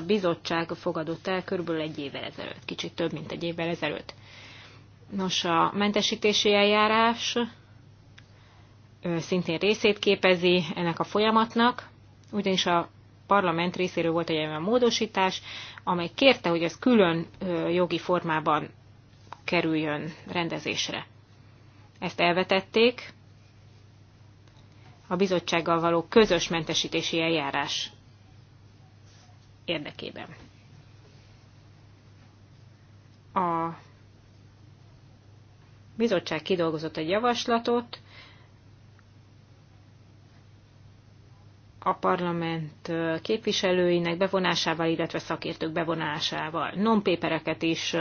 a bizottság fogadott el körülbelül egy évvel ezelőtt, kicsit több, mint egy évvel ezelőtt. Nos, a mentesítési eljárás szintén részét képezi ennek a folyamatnak, ugyanis a parlament részéről volt egy olyan módosítás, amely kérte, hogy ez külön jogi formában kerüljön rendezésre. Ezt elvetették, a bizottsággal való közös mentesítési eljárás érdekében. A bizottság kidolgozott egy javaslatot, a parlament képviselőinek bevonásával, illetve szakértők bevonásával. Non-pépereket is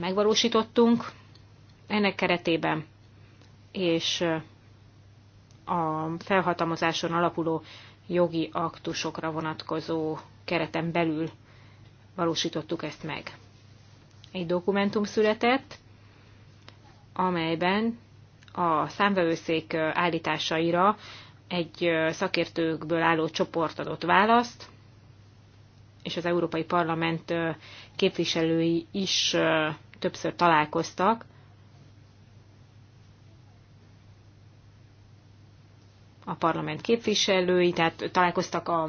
megvalósítottunk ennek keretében, és a felhatalmazáson alapuló jogi aktusokra vonatkozó kereten belül valósítottuk ezt meg. Egy dokumentum született, amelyben a számvevőszék állításaira egy szakértőkből álló csoport adott választ, és az Európai Parlament képviselői is többször találkoztak a parlament képviselői, tehát találkoztak a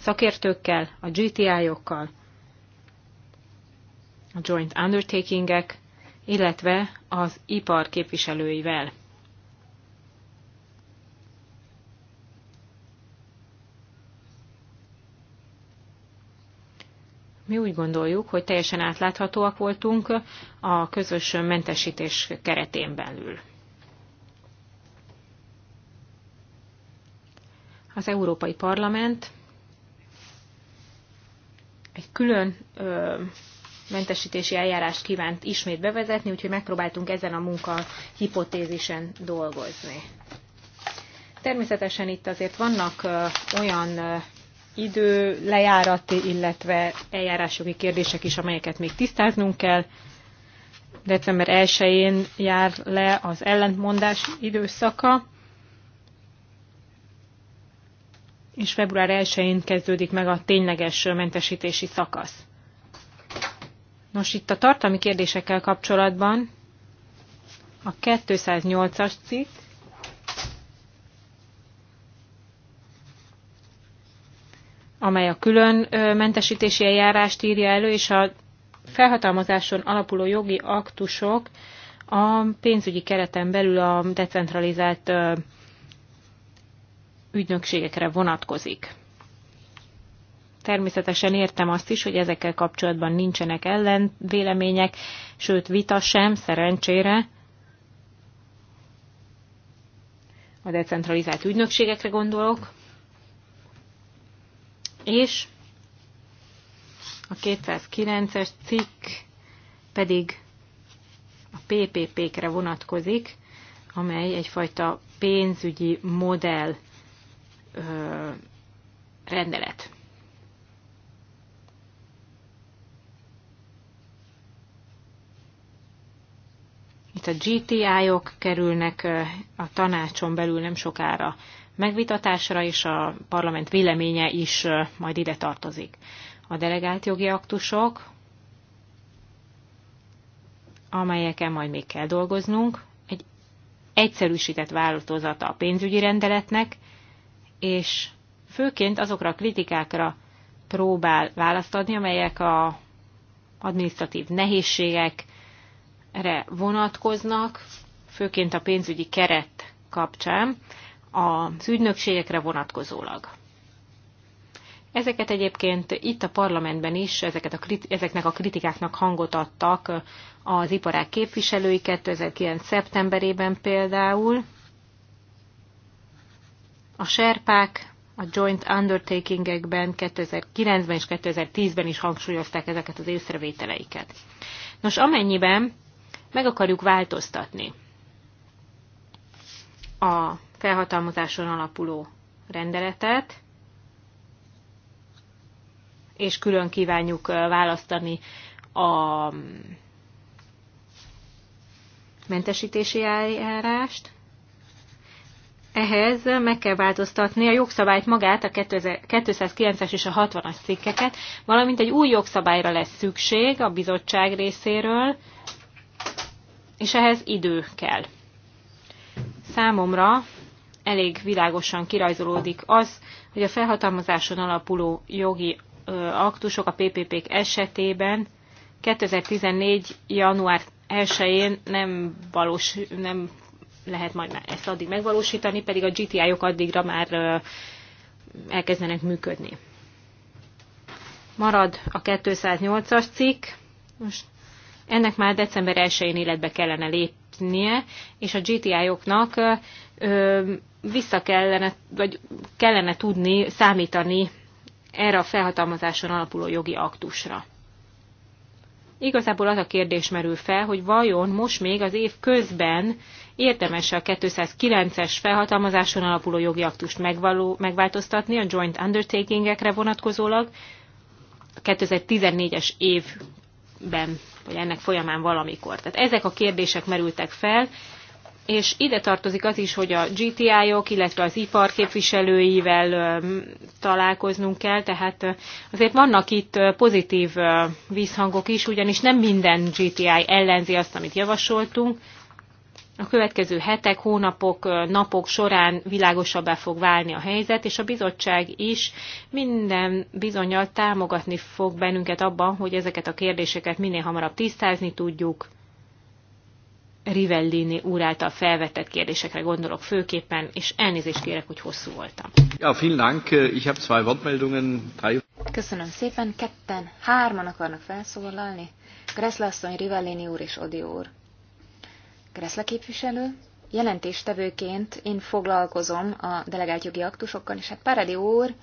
szakértőkkel, a GTI-okkal, a joint undertakingek, illetve az ipar képviselőivel. Mi úgy gondoljuk, hogy teljesen átláthatóak voltunk a közös mentesítés keretén belül. az Európai Parlament egy külön ö, mentesítési eljárást kívánt ismét bevezetni, úgyhogy megpróbáltunk ezen a munka hipotézisen dolgozni. Természetesen itt azért vannak ö, olyan ö, idő, lejárati, illetve eljárásjogi kérdések is, amelyeket még tisztáznunk kell. December 1-én jár le az ellentmondás időszaka, és február 1-én kezdődik meg a tényleges mentesítési szakasz. Nos, itt a tartalmi kérdésekkel kapcsolatban a 208-as cikk, amely a külön mentesítési eljárást írja elő, és a felhatalmazáson alapuló jogi aktusok a pénzügyi kereten belül a decentralizált ügynökségekre vonatkozik. Természetesen értem azt is, hogy ezekkel kapcsolatban nincsenek ellenvélemények, sőt vita sem, szerencsére. A decentralizált ügynökségekre gondolok. És a 209-es cikk pedig a PPP-kre vonatkozik, amely egyfajta pénzügyi modell rendelet. Itt a GTI-ok -ok kerülnek a tanácson belül nem sokára megvitatásra, és a parlament véleménye is majd ide tartozik. A delegált jogi aktusok, amelyeken majd még kell dolgoznunk, egy egyszerűsített változata a pénzügyi rendeletnek, és főként azokra a kritikákra próbál választ adni, amelyek a administratív nehézségekre vonatkoznak, főként a pénzügyi keret kapcsán, az ügynökségekre vonatkozólag. Ezeket egyébként itt a parlamentben is, ezeket a, ezeknek a kritikáknak hangot adtak az iparák képviselői 2009. szeptemberében például, a serpák a joint undertakingekben 2009-ben és 2010-ben is hangsúlyozták ezeket az észrevételeiket. Nos, amennyiben meg akarjuk változtatni a felhatalmazáson alapuló rendeletet, és külön kívánjuk választani a mentesítési eljárást, ehhez meg kell változtatni a jogszabályt magát, a 209-es és a 60-as cikkeket, valamint egy új jogszabályra lesz szükség a bizottság részéről, és ehhez idő kell. Számomra elég világosan kirajzolódik az, hogy a felhatalmazáson alapuló jogi aktusok a PPP-k esetében 2014. január 1-én nem, valós, nem lehet majd már ezt addig megvalósítani, pedig a GTI-ok -ok addigra már elkezdenek működni. Marad a 208-as cikk, most ennek már december 1-én életbe kellene lépnie, és a GTI-oknak vissza kellene, vagy kellene tudni számítani erre a felhatalmazáson alapuló jogi aktusra. Igazából az a kérdés merül fel, hogy vajon most még az év közben érdemes a 209-es felhatalmazáson alapuló jogi aktust megvaló, megváltoztatni a joint undertakingekre vonatkozólag a 2014-es évben, vagy ennek folyamán valamikor. Tehát ezek a kérdések merültek fel, és ide tartozik az is, hogy a GTI-ok, illetve az ipar képviselőivel találkoznunk kell, tehát azért vannak itt pozitív vízhangok is, ugyanis nem minden GTI ellenzi azt, amit javasoltunk, a következő hetek, hónapok, napok során világosabbá fog válni a helyzet, és a bizottság is minden bizonyal támogatni fog bennünket abban, hogy ezeket a kérdéseket minél hamarabb tisztázni tudjuk. Rivellini úr által felvetett kérdésekre gondolok főképpen, és elnézést kérek, hogy hosszú voltam. Ja, vielen Dank. Ich habe zwei Wortmeldungen. Drei. Köszönöm szépen. Ketten, hárman akarnak felszólalni. Gressle Rivellini úr és Odi úr. Kreszle képviselő. Jelentéstevőként én foglalkozom a delegált jogi aktusokkal, és hát Paradi úr,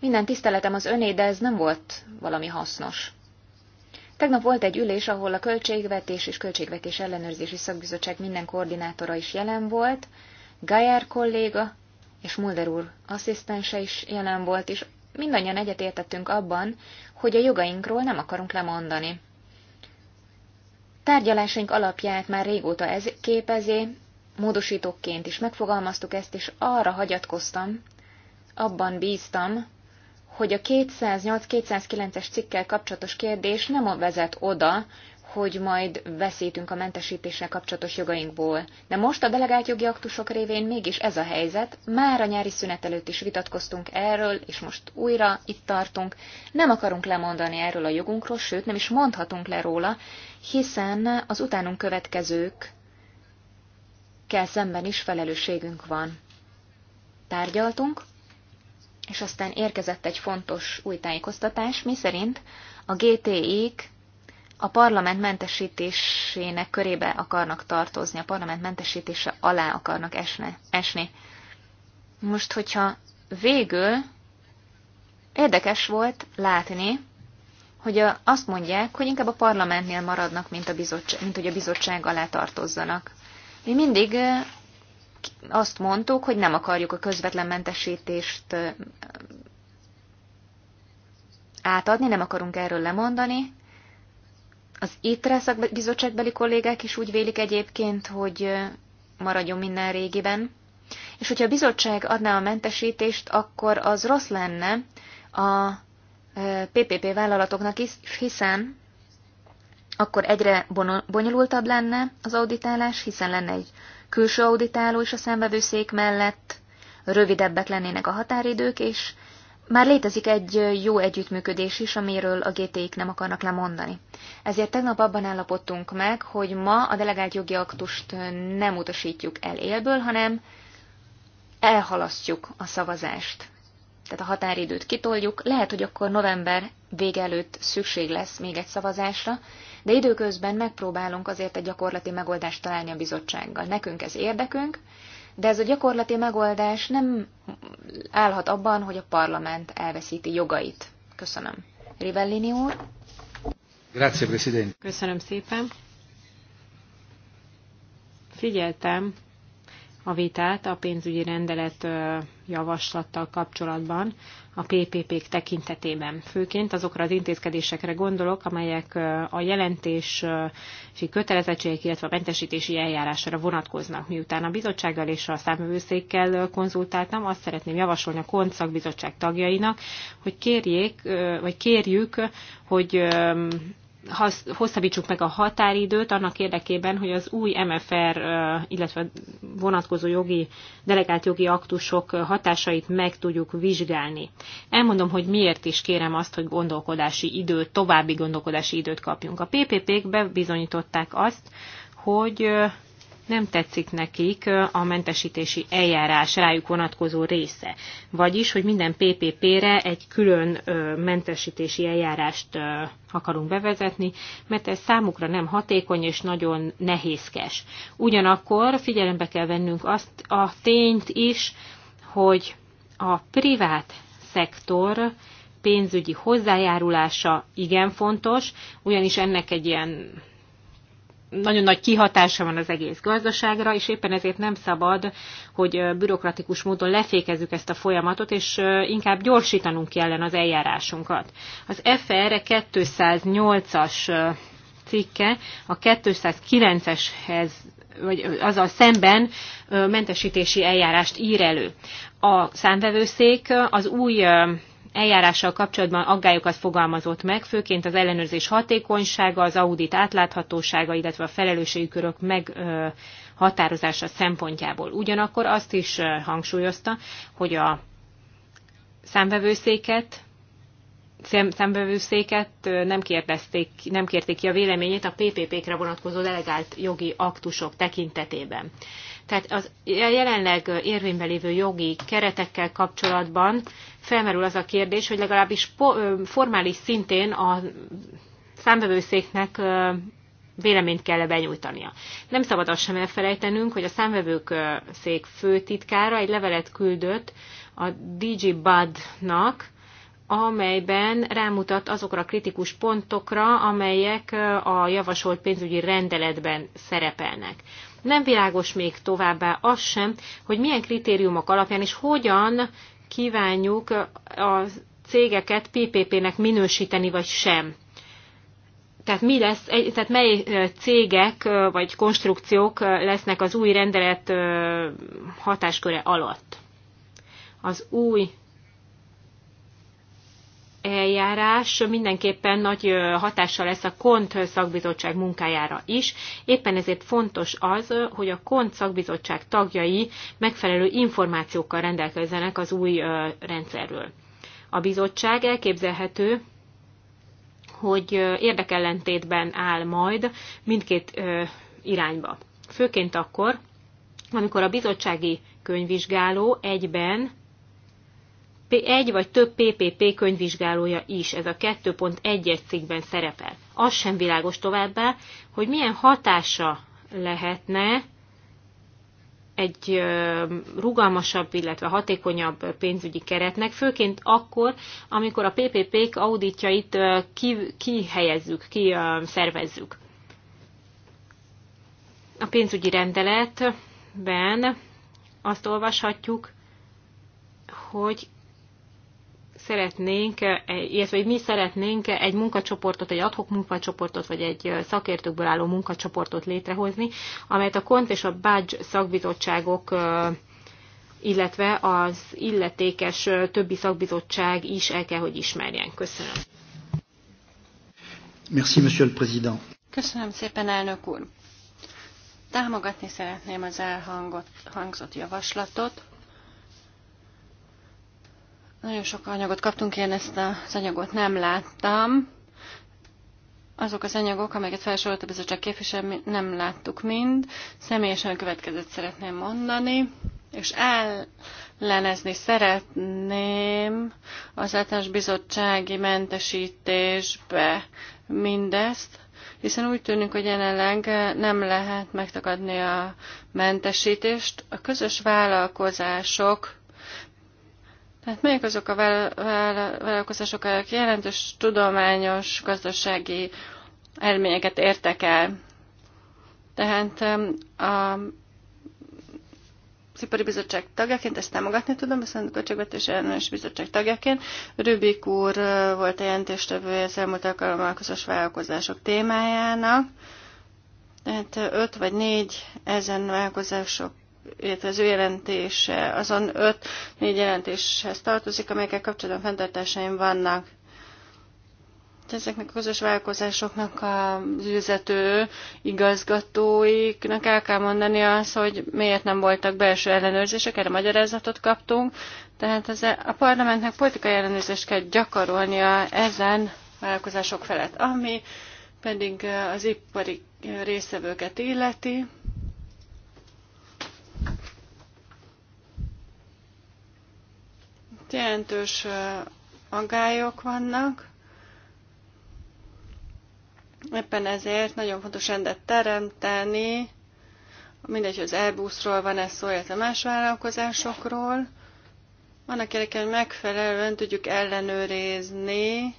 minden tiszteletem az öné, de ez nem volt valami hasznos. Tegnap volt egy ülés, ahol a Költségvetés és Költségvetés Ellenőrzési Szakbizottság minden koordinátora is jelen volt, Gayer kolléga és Mulder úr asszisztense is jelen volt, és mindannyian egyetértettünk abban, hogy a jogainkról nem akarunk lemondani. Tárgyalásaink alapját már régóta ez képezi, módosítóként is megfogalmaztuk ezt, és arra hagyatkoztam, abban bíztam, hogy a 208-209-es cikkel kapcsolatos kérdés nem vezet oda, hogy majd veszítünk a mentesítéssel kapcsolatos jogainkból. De most a delegált jogi aktusok révén mégis ez a helyzet, már a nyári szünet előtt is vitatkoztunk erről, és most újra itt tartunk. Nem akarunk lemondani erről a jogunkról, sőt nem is mondhatunk le róla, hiszen az utánunk következők kell szemben is felelősségünk van. Tárgyaltunk, és aztán érkezett egy fontos új tájékoztatás, miszerint a GTI-k a parlament mentesítésének körébe akarnak tartozni, a parlament mentesítése alá akarnak esne, esni. Most, hogyha végül érdekes volt látni, hogy a, azt mondják, hogy inkább a parlamentnél maradnak, mint, a bizottság, mint hogy a bizottság alá tartozzanak. Mi mindig azt mondtuk, hogy nem akarjuk a közvetlen mentesítést átadni, nem akarunk erről lemondani, az ITRE bizottságbeli kollégák is úgy vélik egyébként, hogy maradjon minden régiben. És hogyha a bizottság adná a mentesítést, akkor az rossz lenne a PPP vállalatoknak is, hiszen akkor egyre bonyolultabb lenne az auditálás, hiszen lenne egy külső auditáló is a számvevőszék mellett, rövidebbek lennének a határidők, és már létezik egy jó együttműködés is, amiről a gt k nem akarnak lemondani. Ezért tegnap abban állapodtunk meg, hogy ma a delegált jogi aktust nem utasítjuk el élből, hanem elhalasztjuk a szavazást. Tehát a határidőt kitoljuk, lehet, hogy akkor november vége előtt szükség lesz még egy szavazásra, de időközben megpróbálunk azért egy gyakorlati megoldást találni a bizottsággal. Nekünk ez érdekünk, de ez a gyakorlati megoldás nem állhat abban, hogy a parlament elveszíti jogait. Köszönöm. Rivellini úr. Grazie, Presidente. Köszönöm szépen. Figyeltem a vitát a pénzügyi rendelet javaslattal kapcsolatban a PPP-k tekintetében. Főként azokra az intézkedésekre gondolok, amelyek a jelentési kötelezettségek, illetve a mentesítési eljárásra vonatkoznak. Miután a bizottsággal és a számövőszékkel konzultáltam, azt szeretném javasolni a KONCAK bizottság tagjainak, hogy kérjék, vagy kérjük, hogy hosszabbítsuk meg a határidőt annak érdekében, hogy az új MFR, illetve vonatkozó jogi, delegált jogi aktusok hatásait meg tudjuk vizsgálni. Elmondom, hogy miért is kérem azt, hogy gondolkodási időt, további gondolkodási időt kapjunk. A PPP-k bebizonyították azt, hogy nem tetszik nekik a mentesítési eljárás rájuk vonatkozó része. Vagyis, hogy minden PPP-re egy külön mentesítési eljárást akarunk bevezetni, mert ez számukra nem hatékony és nagyon nehézkes. Ugyanakkor figyelembe kell vennünk azt a tényt is, hogy a privát szektor pénzügyi hozzájárulása igen fontos, ugyanis ennek egy ilyen nagyon nagy kihatása van az egész gazdaságra, és éppen ezért nem szabad, hogy bürokratikus módon lefékezzük ezt a folyamatot, és inkább gyorsítanunk kellene az eljárásunkat. Az FR 208-as cikke a 209-eshez vagy azzal szemben mentesítési eljárást ír elő. A számvevőszék az új eljárással kapcsolatban aggályokat fogalmazott meg, főként az ellenőrzés hatékonysága, az audit átláthatósága, illetve a felelősségkörök meghatározása szempontjából. Ugyanakkor azt is hangsúlyozta, hogy a számvevőszéket szembevőszéket nem, kérdezték, nem kérték ki a véleményét a PPP-kre vonatkozó delegált jogi aktusok tekintetében. Tehát az jelenleg érvényben lévő jogi keretekkel kapcsolatban felmerül az a kérdés, hogy legalábbis formális szintén a számvevőszéknek véleményt kell -e benyújtania. Nem szabad azt sem elfelejtenünk, hogy a számvevők szék főtitkára egy levelet küldött a DG Bud-nak, amelyben rámutat azokra a kritikus pontokra, amelyek a javasolt pénzügyi rendeletben szerepelnek. Nem világos még továbbá az sem, hogy milyen kritériumok alapján és hogyan kívánjuk a cégeket PPP-nek minősíteni vagy sem. Tehát, mi lesz, tehát mely cégek vagy konstrukciók lesznek az új rendelet hatásköre alatt? Az új eljárás mindenképpen nagy hatással lesz a KONT szakbizottság munkájára is. Éppen ezért fontos az, hogy a KONT szakbizottság tagjai megfelelő információkkal rendelkezzenek az új rendszerről. A bizottság elképzelhető, hogy érdekellentétben áll majd mindkét irányba. Főként akkor, amikor a bizottsági könyvvizsgáló egyben egy vagy több PPP könyvvizsgálója is, ez a 2.1-es cikkben szerepel. Az sem világos továbbá, hogy milyen hatása lehetne egy rugalmasabb, illetve hatékonyabb pénzügyi keretnek, főként akkor, amikor a PPP-k auditjait kihelyezzük, ki szervezzük. A pénzügyi rendeletben azt olvashatjuk, hogy szeretnénk, e, illetve hogy mi szeretnénk egy munkacsoportot, egy adhok munkacsoportot, vagy egy szakértőkből álló munkacsoportot létrehozni, amelyet a KONT és a BADS szakbizottságok illetve az illetékes többi szakbizottság is el kell, hogy ismerjen. Köszönöm. Merci, Monsieur le Président. Köszönöm szépen, elnök úr. Támogatni szeretném az elhangzott javaslatot, nagyon sok anyagot kaptunk, én ezt az anyagot nem láttam. Azok az anyagok, amelyeket felsorolt a bizottság képviselő, nem láttuk mind. Személyesen a következőt szeretném mondani, és ellenezni szeretném az általános bizottsági mentesítésbe mindezt, hiszen úgy tűnik, hogy jelenleg nem lehet megtakadni a mentesítést. A közös vállalkozások tehát melyek azok a vállalkozások, akik jelentős tudományos gazdasági eredményeket értek el? Tehát a Szipari Bizottság tagjaként, ezt támogatni tudom, a Szent Költségvetés Ellenőrzés Bizottság tagjaként. Rübik úr volt a jelentéstevője az elmúlt alkalommal vállalkozások témájának. Tehát öt vagy négy ezen vállalkozások illetve az ő jelentése azon 5-4 jelentéshez tartozik, amelyekkel kapcsolatban fenntartásaim vannak. Ezeknek a közös vállalkozásoknak a üzető igazgatóiknak el kell mondani azt, hogy miért nem voltak belső ellenőrzések, erre magyarázatot kaptunk. Tehát az e- a parlamentnek politikai ellenőrzést kell gyakorolnia ezen vállalkozások felett, ami pedig az ipari részevőket illeti. jelentős aggályok vannak. Éppen ezért nagyon fontos rendet teremteni, mindegy, hogy az Airbusról van ez szó, illetve más vállalkozásokról. Annak érdekében, megfelelően tudjuk ellenőrizni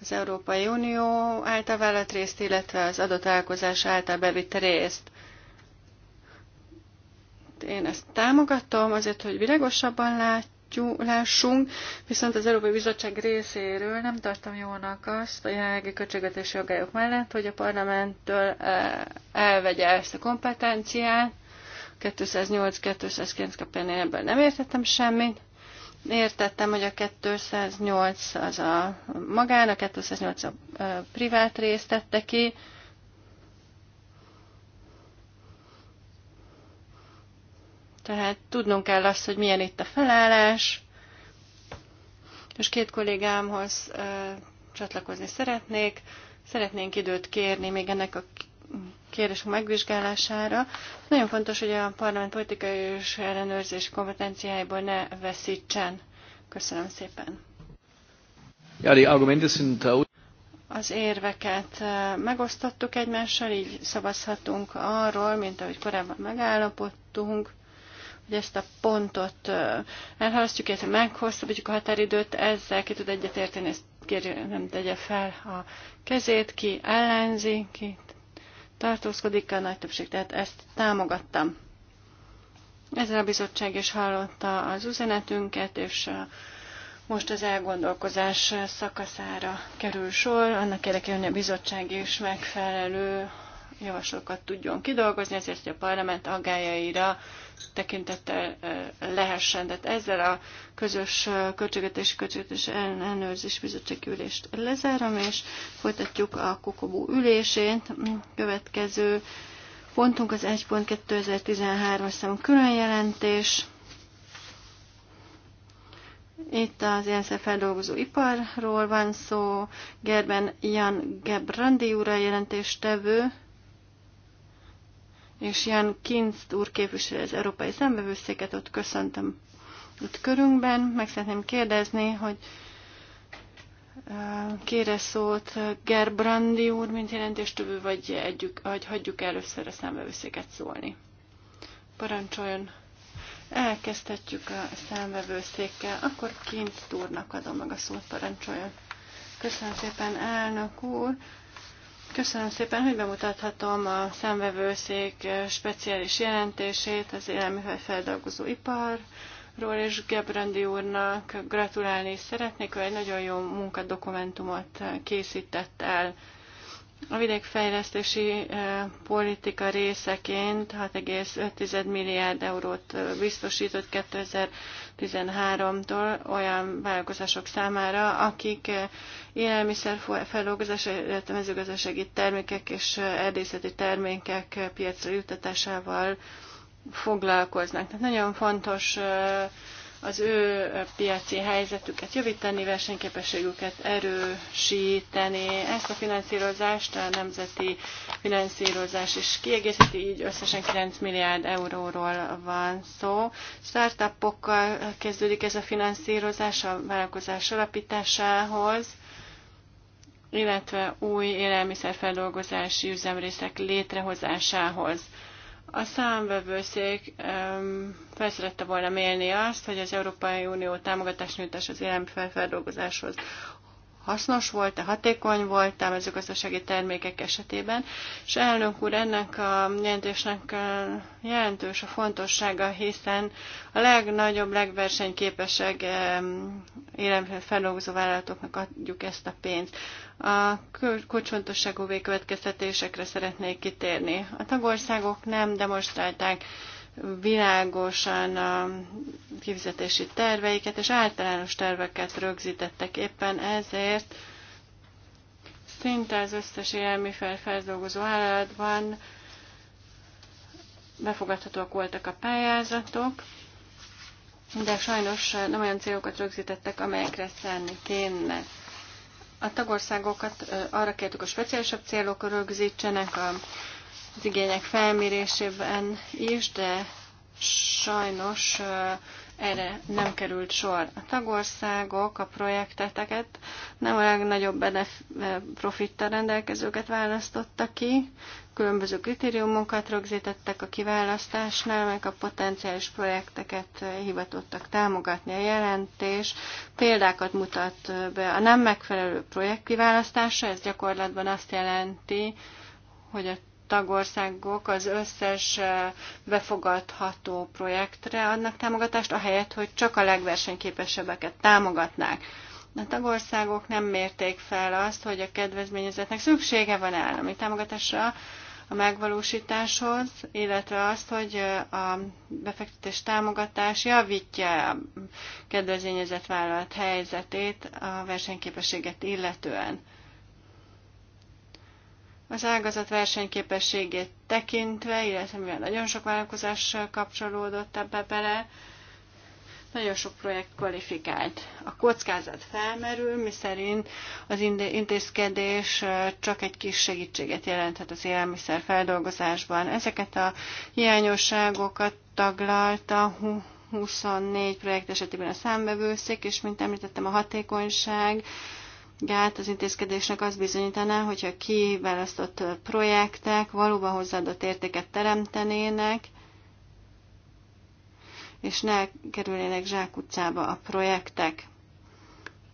az Európai Unió által vállalt részt, illetve az adott vállalkozás által bevitt részt. Én ezt támogatom azért, hogy világosabban lát, lássunk, viszont az Európai Bizottság részéről nem tartom jónak azt a jelenlegi költségvetési jogályok mellett, hogy a parlamenttől eh, elvegye ezt a kompetenciát. 208-209 kapján én ebből nem értettem semmit. Értettem, hogy a 208 az a magán, a 208 a eh, privát részt tette ki, Tehát tudnunk kell azt, hogy milyen itt a felállás. És két kollégámhoz ö, csatlakozni szeretnék. Szeretnénk időt kérni még ennek a kérdésünk megvizsgálására. Nagyon fontos, hogy a parlament politikai és ellenőrzési kompetenciáiból ne veszítsen. Köszönöm szépen. Äh, az érveket megosztottuk egymással, így szavazhatunk arról, mint ahogy korábban megállapodtunk hogy ezt a pontot elhalasztjuk, illetve meghosszabbítjuk a határidőt, ezzel ki tud egyetérteni, ezt kérjük, nem tegye fel a kezét, ki ellenzi, ki tartózkodik, a nagy többség, tehát ezt támogattam. Ezzel a bizottság is hallotta az üzenetünket, és most az elgondolkozás szakaszára kerül sor, annak érdekében, hogy a bizottság is megfelelő javaslókat tudjon kidolgozni, ezért, hogy a parlament agájaira tekintettel lehessen. Tehát ezzel a közös költségetési költségvetés ellenőrzés bizottsági ülést lezárom, és folytatjuk a kokobú ülését. Következő pontunk az 1.2013-as számú különjelentés. Itt az élszer feldolgozó iparról van szó. Gerben Jan Gebrandi úr a jelentéstevő és Jan Kinst úr képviselő az Európai Szembevőszéket, ott köszöntöm ott körünkben. Meg szeretném kérdezni, hogy kére szót Gerbrandi úr, mint jelentéstövő, vagy, együk, vagy hagyjuk először a számvevőszéket szólni. Parancsoljon! Elkezdhetjük a számvevőszékkel, akkor Kinst úrnak adom meg a szót, parancsoljon. Köszönöm szépen, elnök úr! Köszönöm szépen, hogy bemutathatom a szemvevőszék speciális jelentését az élelmiszerfeldolgozó iparról, és Gebrandi úrnak gratulálni szeretnék, hogy egy nagyon jó munkadokumentumot készített el. A vidékfejlesztési eh, politika részeként 6,5 milliárd eurót eh, biztosított 13-tól olyan vállalkozások számára, akik eh, élelmiszer feldolgozás, illetve mezőgazdasági termékek és eh, erdészeti termékek eh, piacra juttatásával foglalkoznak. Tehát nagyon fontos az ő piaci helyzetüket javítani, versenyképességüket erősíteni. Ezt a finanszírozást a nemzeti finanszírozás is kiegészíti, így összesen 9 milliárd euróról van szó. Startupokkal kezdődik ez a finanszírozás a vállalkozás alapításához illetve új élelmiszerfeldolgozási üzemrészek létrehozásához. A számvevőszék felszerette volna mérni azt, hogy az Európai Unió támogatás nyújtás az élelmiszerfeldolgozáshoz hasznos volt-e, hatékony volt-e mezőgazdasági termékek esetében, és elnök úr, ennek a jelentésnek eh, jelentős a fontossága, hiszen a legnagyobb, legversenyképesebb élelmiszerfeldolgozó vállalatoknak adjuk ezt a pénzt. A kulcsontosságú végkövetkeztetésekre szeretnék kitérni. A tagországok nem demonstrálták világosan a kifizetési terveiket, és általános terveket rögzítettek éppen ezért, szinte az összes élelmiszerfeldolgozó állatban befogadhatóak voltak a pályázatok, de sajnos nem olyan célokat rögzítettek, amelyekre szállni kéne. A tagországokat arra kértük, hogy speciálisabb célok rögzítsenek az igények felmérésében is, de sajnos erre nem került sor. A tagországok a projekteteket nem a legnagyobb profittal rendelkezőket választotta ki, különböző kritériumokat rögzítettek a kiválasztásnál, meg a potenciális projekteket hivatottak támogatni. A jelentés példákat mutat be a nem megfelelő projekt kiválasztása, ez gyakorlatban azt jelenti, hogy a tagországok az összes befogadható projektre adnak támogatást, ahelyett, hogy csak a legversenyképesebbeket támogatnák. A tagországok nem mérték fel azt, hogy a kedvezményezetnek szüksége van állami támogatásra a megvalósításhoz, illetve azt, hogy a befektetés támogatás javítja a kedvezményezett vállalat helyzetét a versenyképességet illetően. Az ágazat versenyképességét tekintve, illetve mivel nagyon sok vállalkozás kapcsolódott ebbe bele, nagyon sok projekt kvalifikált. A kockázat felmerül, miszerint az intézkedés csak egy kis segítséget jelenthet az élelmiszer feldolgozásban. Ezeket a hiányosságokat taglalta 24 projekt esetében a számbevőszék, és mint említettem, a hatékonyság gát az intézkedésnek az bizonyítaná, hogyha kiválasztott projektek valóban hozzáadott értéket teremtenének, és ne kerüljenek zsákutcába a projektek.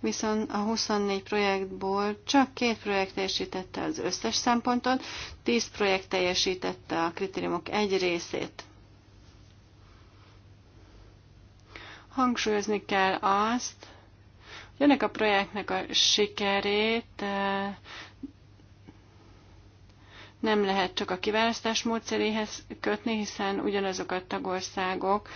Viszont a 24 projektból csak két projekt teljesítette az összes szempontot, 10 projekt teljesítette a kritériumok egy részét. Hangsúlyozni kell azt, hogy ennek a projektnek a sikerét eh, nem lehet csak a kiválasztás módszeréhez kötni, hiszen ugyanazok a tagországok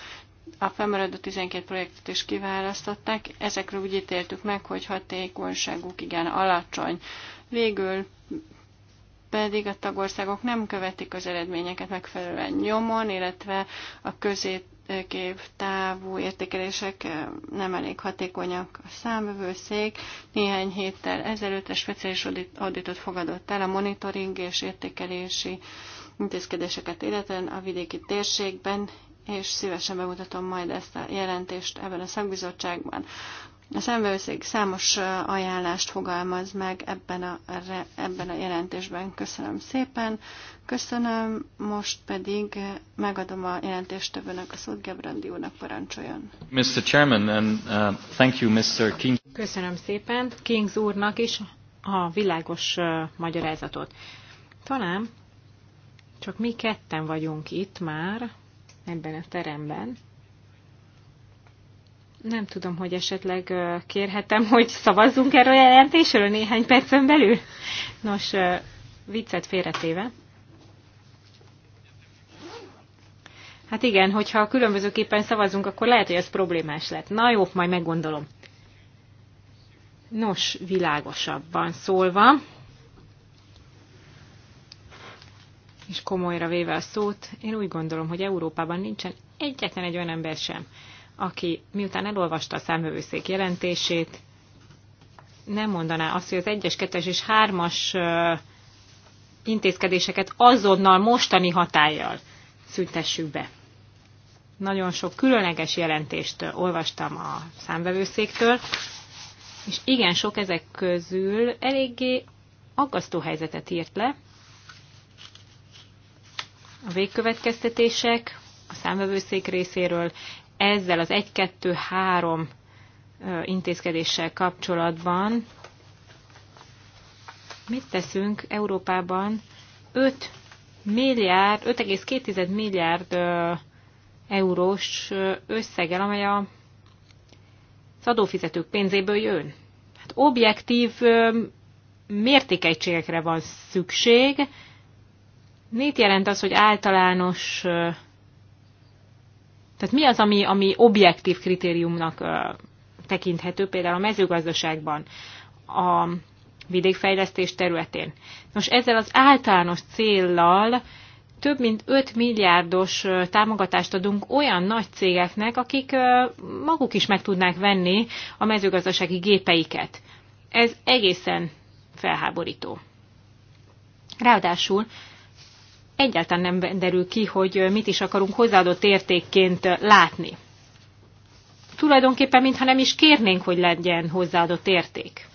a felmaradó 12 projektet is kiválasztották. Ezekről úgy ítéltük meg, hogy hatékonyságuk igen alacsony. Végül pedig a tagországok nem követik az eredményeket megfelelően nyomon, illetve a középképp távú értékelések eh, nem elég hatékonyak a számvevőszék. Néhány héttel ezelőtt a speciális auditot fogadott el a monitoring és értékelési intézkedéseket, illetve a vidéki térségben, és szívesen bemutatom majd ezt a jelentést ebben a szakbizottságban. A szemvevőszék számos ajánlást fogalmaz meg ebben a, ebben a jelentésben. Köszönöm szépen. Köszönöm, most pedig megadom a jelentéstevőnek a szót, Gebrandi úrnak parancsoljon. Mr. Chairman, and, uh, thank you, Mr. King. Köszönöm szépen Kings úrnak is a világos uh, magyarázatot. Talán csak mi ketten vagyunk itt már, ebben a teremben. Nem tudom, hogy esetleg kérhetem, hogy szavazzunk erről a jelentésről néhány percen belül. Nos, viccet félretéve. Hát igen, hogyha különbözőképpen szavazunk, akkor lehet, hogy ez problémás lett. Na jó, majd meggondolom. Nos, világosabban szólva, és komolyra véve a szót, én úgy gondolom, hogy Európában nincsen egyetlen egy olyan ember sem, aki miután elolvasta a számövőszék jelentését, nem mondaná azt, hogy az 1-es, 2-es és 3-as intézkedéseket azonnal mostani hatállyal szüntessük be. Nagyon sok különleges jelentést olvastam a számvevőszéktől, és igen sok ezek közül eléggé aggasztó helyzetet írt le, a végkövetkeztetések a számvevőszék részéről ezzel az 1-2-3 intézkedéssel kapcsolatban mit teszünk Európában 5 milliárd, 5,2 milliárd eurós összeggel, amely a, az adófizetők pénzéből jön. Hát objektív mértékegységekre van szükség, Mit jelent az, hogy általános, tehát mi az, ami, ami objektív kritériumnak tekinthető, például a mezőgazdaságban, a vidékfejlesztés területén. Nos, ezzel az általános céllal több mint 5 milliárdos támogatást adunk olyan nagy cégeknek, akik maguk is meg tudnák venni a mezőgazdasági gépeiket. Ez egészen felháborító. Ráadásul egyáltalán nem derül ki, hogy mit is akarunk hozzáadott értékként látni. Tulajdonképpen, mintha nem is kérnénk, hogy legyen hozzáadott érték.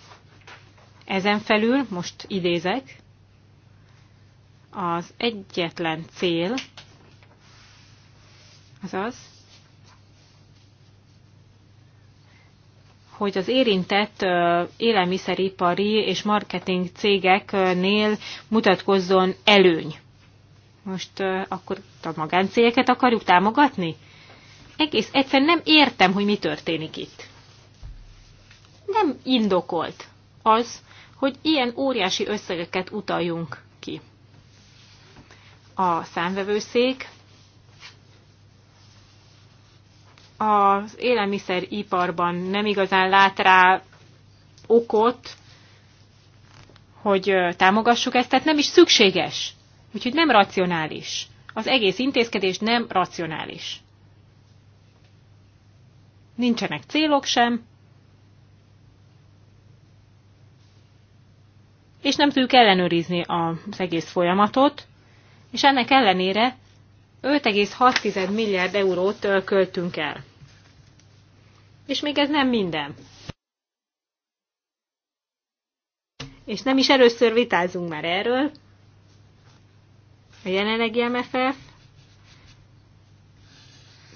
Ezen felül, most idézek, az egyetlen cél az az, hogy az érintett élelmiszeripari és marketing cégeknél mutatkozzon előny. Most uh, akkor a magáncégeket akarjuk támogatni? Egész egyszerűen nem értem, hogy mi történik itt. Nem indokolt az, hogy ilyen óriási összegeket utaljunk ki. A számvevőszék az élelmiszeriparban nem igazán lát rá okot, hogy támogassuk ezt, tehát nem is szükséges. Úgyhogy nem racionális. Az egész intézkedés nem racionális. Nincsenek célok sem, és nem tudjuk ellenőrizni az egész folyamatot, és ennek ellenére 5,6 milliárd eurót költünk el. És még ez nem minden. És nem is először vitázunk már erről, a jelenlegi MFF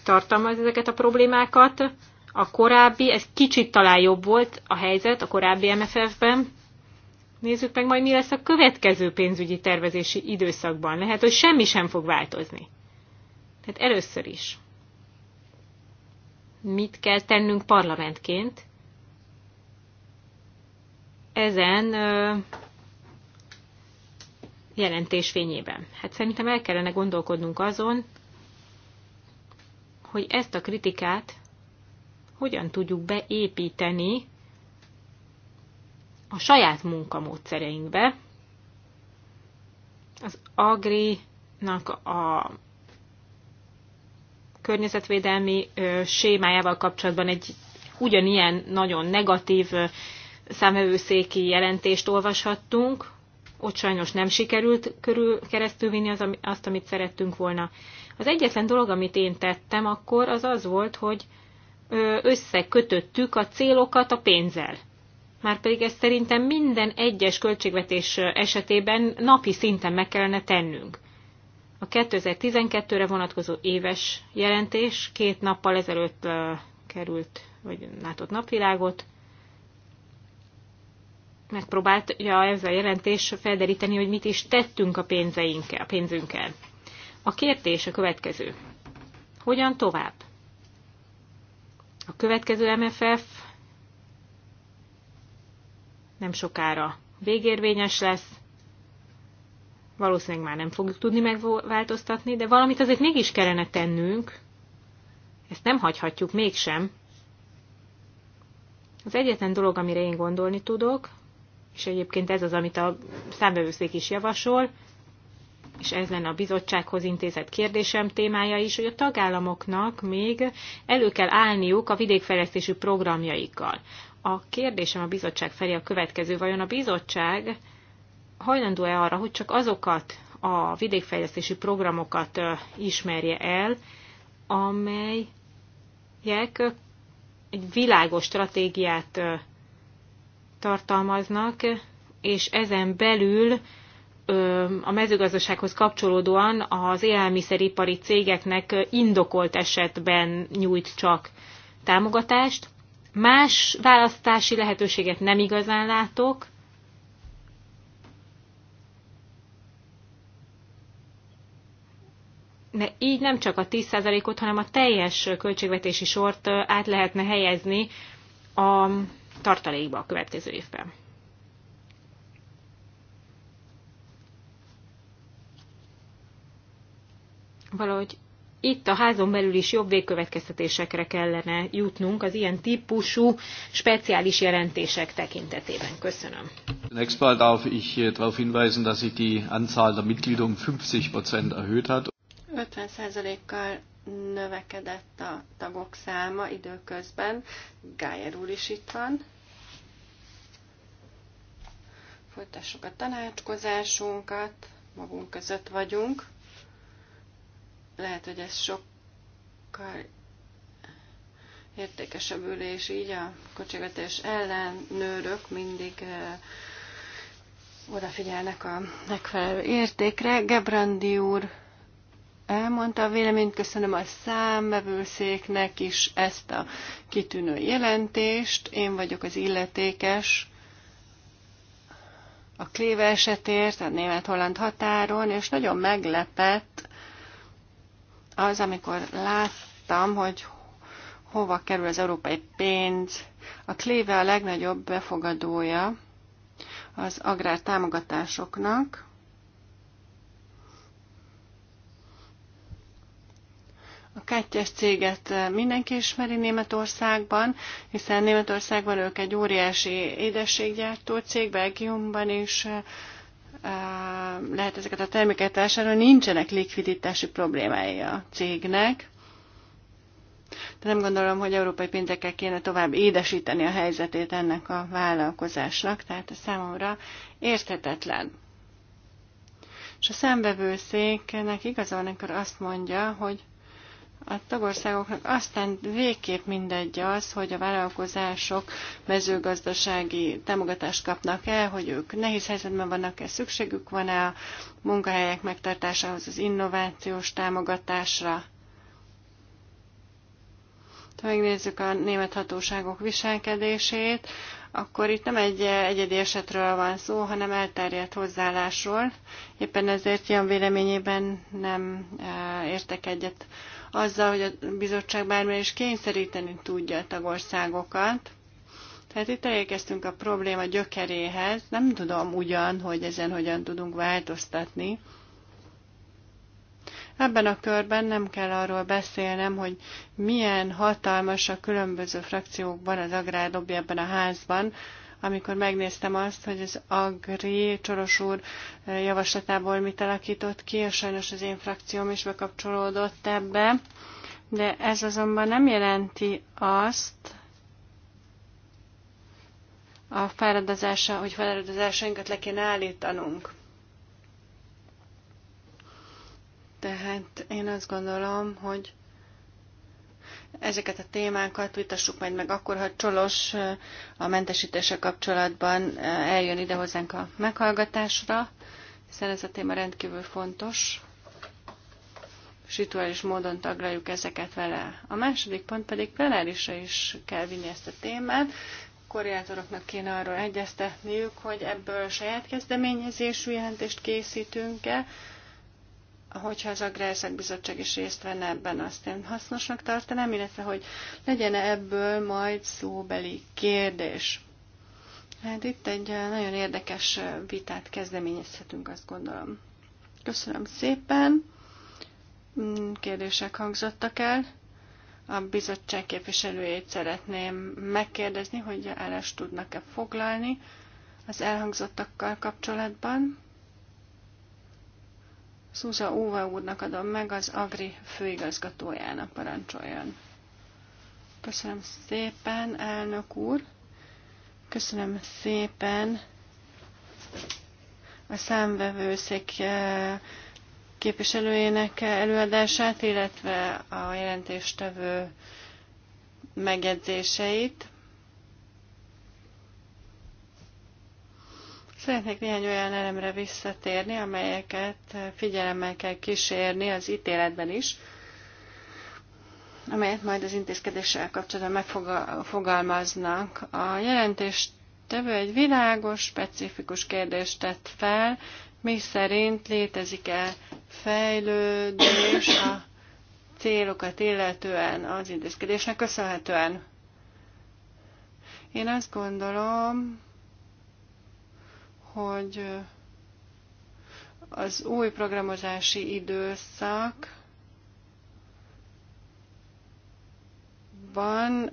tartalmaz ezeket a problémákat, a korábbi, ez kicsit talán jobb volt a helyzet a korábbi MFF-ben. Nézzük meg majd, mi lesz a következő pénzügyi tervezési időszakban. Lehet, hogy semmi sem fog változni. Tehát először is. Mit kell tennünk parlamentként? Ezen jelentés fényében. Hát szerintem el kellene gondolkodnunk azon, hogy ezt a kritikát hogyan tudjuk beépíteni a saját munkamódszereinkbe. Az Agri-nak a környezetvédelmi ö, sémájával kapcsolatban egy ugyanilyen nagyon negatív számövőszéki jelentést olvashattunk, ott sajnos nem sikerült körül keresztülvinni az, azt, amit szerettünk volna. Az egyetlen dolog, amit én tettem akkor, az az volt, hogy összekötöttük a célokat a pénzzel. Márpedig ezt szerintem minden egyes költségvetés esetében napi szinten meg kellene tennünk. A 2012-re vonatkozó éves jelentés két nappal ezelőtt került, vagy látott napvilágot megpróbálja ez a jelentés felderíteni, hogy mit is tettünk a pénzeinkkel, a pénzünkkel. A kérdés a következő. Hogyan tovább? A következő MFF nem sokára végérvényes lesz, valószínűleg már nem fogjuk tudni megváltoztatni, de valamit azért mégis kellene tennünk, ezt nem hagyhatjuk mégsem. Az egyetlen dolog, amire én gondolni tudok, és egyébként ez az, amit a számvevőszék is javasol, és ez lenne a bizottsághoz intézett kérdésem témája is, hogy a tagállamoknak még elő kell állniuk a vidékfejlesztésű programjaikkal. A kérdésem a bizottság felé a következő, vajon a bizottság hajlandó-e arra, hogy csak azokat a vidékfejlesztési programokat ismerje el, amelyek egy világos stratégiát tartalmaznak, és ezen belül a mezőgazdasághoz kapcsolódóan az élelmiszeripari cégeknek indokolt esetben nyújt csak támogatást. Más választási lehetőséget nem igazán látok. De így nem csak a 10%-ot, hanem a teljes költségvetési sort át lehetne helyezni a tartalékba a következő évben. Valahogy itt a házon belül is jobb végkövetkeztetésekre kellene jutnunk az ilyen típusú speciális jelentések tekintetében. Köszönöm. Zunächst mal darf ich äh, darauf hinweisen, dass sich die Anzahl der Mitglieder um 50 Prozent erhöht hat. 50%-kal növekedett a tagok száma időközben. Gájer úr is itt van. Folytassuk a tanácskozásunkat, magunk között vagyunk. Lehet, hogy ez sokkal értékesebb ülés, így a kocsigatás ellenőrök mindig eh, odafigyelnek a megfelelő értékre. Gebrandi úr elmondta a véleményt. Köszönöm a számvevőszéknek is ezt a kitűnő jelentést. Én vagyok az illetékes a Kléve esetért, a német-holland határon, és nagyon meglepett az, amikor láttam, hogy hova kerül az európai pénz. A Kléve a legnagyobb befogadója az agrártámogatásoknak, A kártyás céget mindenki ismeri Németországban, hiszen Németországban ők egy óriási édességgyártó cég, Belgiumban is lehet ezeket a terméket vásárolni, nincsenek likviditási problémái a cégnek. De nem gondolom, hogy európai pénzekkel kéne tovább édesíteni a helyzetét ennek a vállalkozásnak, tehát a számomra érthetetlen. És a szembevőszéknek igazán amikor azt mondja, hogy a tagországoknak. Aztán végképp mindegy az, hogy a vállalkozások mezőgazdasági támogatást kapnak el, hogy ők nehéz helyzetben vannak-e, szükségük van-e a munkahelyek megtartásához, az innovációs támogatásra. Ha megnézzük a német hatóságok viselkedését, akkor itt nem egy egyedi esetről van szó, hanem elterjedt hozzáállásról. Éppen ezért ilyen véleményében nem eh, értek egyet azzal, hogy a bizottság bármilyen is kényszeríteni tudja a tagországokat. Tehát itt elérkeztünk a probléma gyökeréhez. Nem tudom ugyan, hogy ezen hogyan tudunk változtatni. Ebben a körben nem kell arról beszélnem, hogy milyen hatalmas a különböző frakciókban az agrárlobbi ebben a házban, amikor megnéztem azt, hogy az Agri Csoros úr eh, javaslatából mit alakított ki, és sajnos az én frakcióm is bekapcsolódott ebbe, de ez azonban nem jelenti azt, a fáradozása, hogy fáradozásainkat le kéne állítanunk. Tehát én azt gondolom, hogy Ezeket a témákat vitassuk majd meg akkor, ha Csolos eh, a mentesítése kapcsolatban eh, eljön ide hozzánk a meghallgatásra, hiszen ez a téma rendkívül fontos és rituális módon taglaljuk ezeket vele. A második pont pedig plenárisra is kell vinni ezt a témát. A koreátoroknak kéne arról egyeztetniük, hogy ebből saját kezdeményezésű jelentést készítünk-e, hogyha az Bizottság is részt venne ebben, azt én hasznosnak tartanám, illetve hogy legyen ebből majd szóbeli kérdés. Hát itt egy eh, nagyon érdekes eh, vitát kezdeményezhetünk, azt gondolom. Köszönöm szépen. Mm, kérdések hangzottak el. A bizottság képviselőjét szeretném megkérdezni, hogy állást tudnak-e foglalni az elhangzottakkal kapcsolatban. Szúza Óva úrnak adom meg, az Agri főigazgatójának parancsoljon. Köszönöm szépen, elnök úr. Köszönöm szépen a számvevőszék eh, képviselőjének előadását, illetve a jelentéstevő megjegyzéseit. Szeretnék néhány olyan elemre visszatérni, amelyeket figyelemmel kell kísérni az ítéletben is, amelyet majd az intézkedéssel kapcsolatban megfogalmaznak. A jelentés tevő egy világos, specifikus kérdést tett fel, mi szerint létezik-e fejlődés a célokat illetően az intézkedésnek köszönhetően. Én azt gondolom, hogy az új programozási időszakban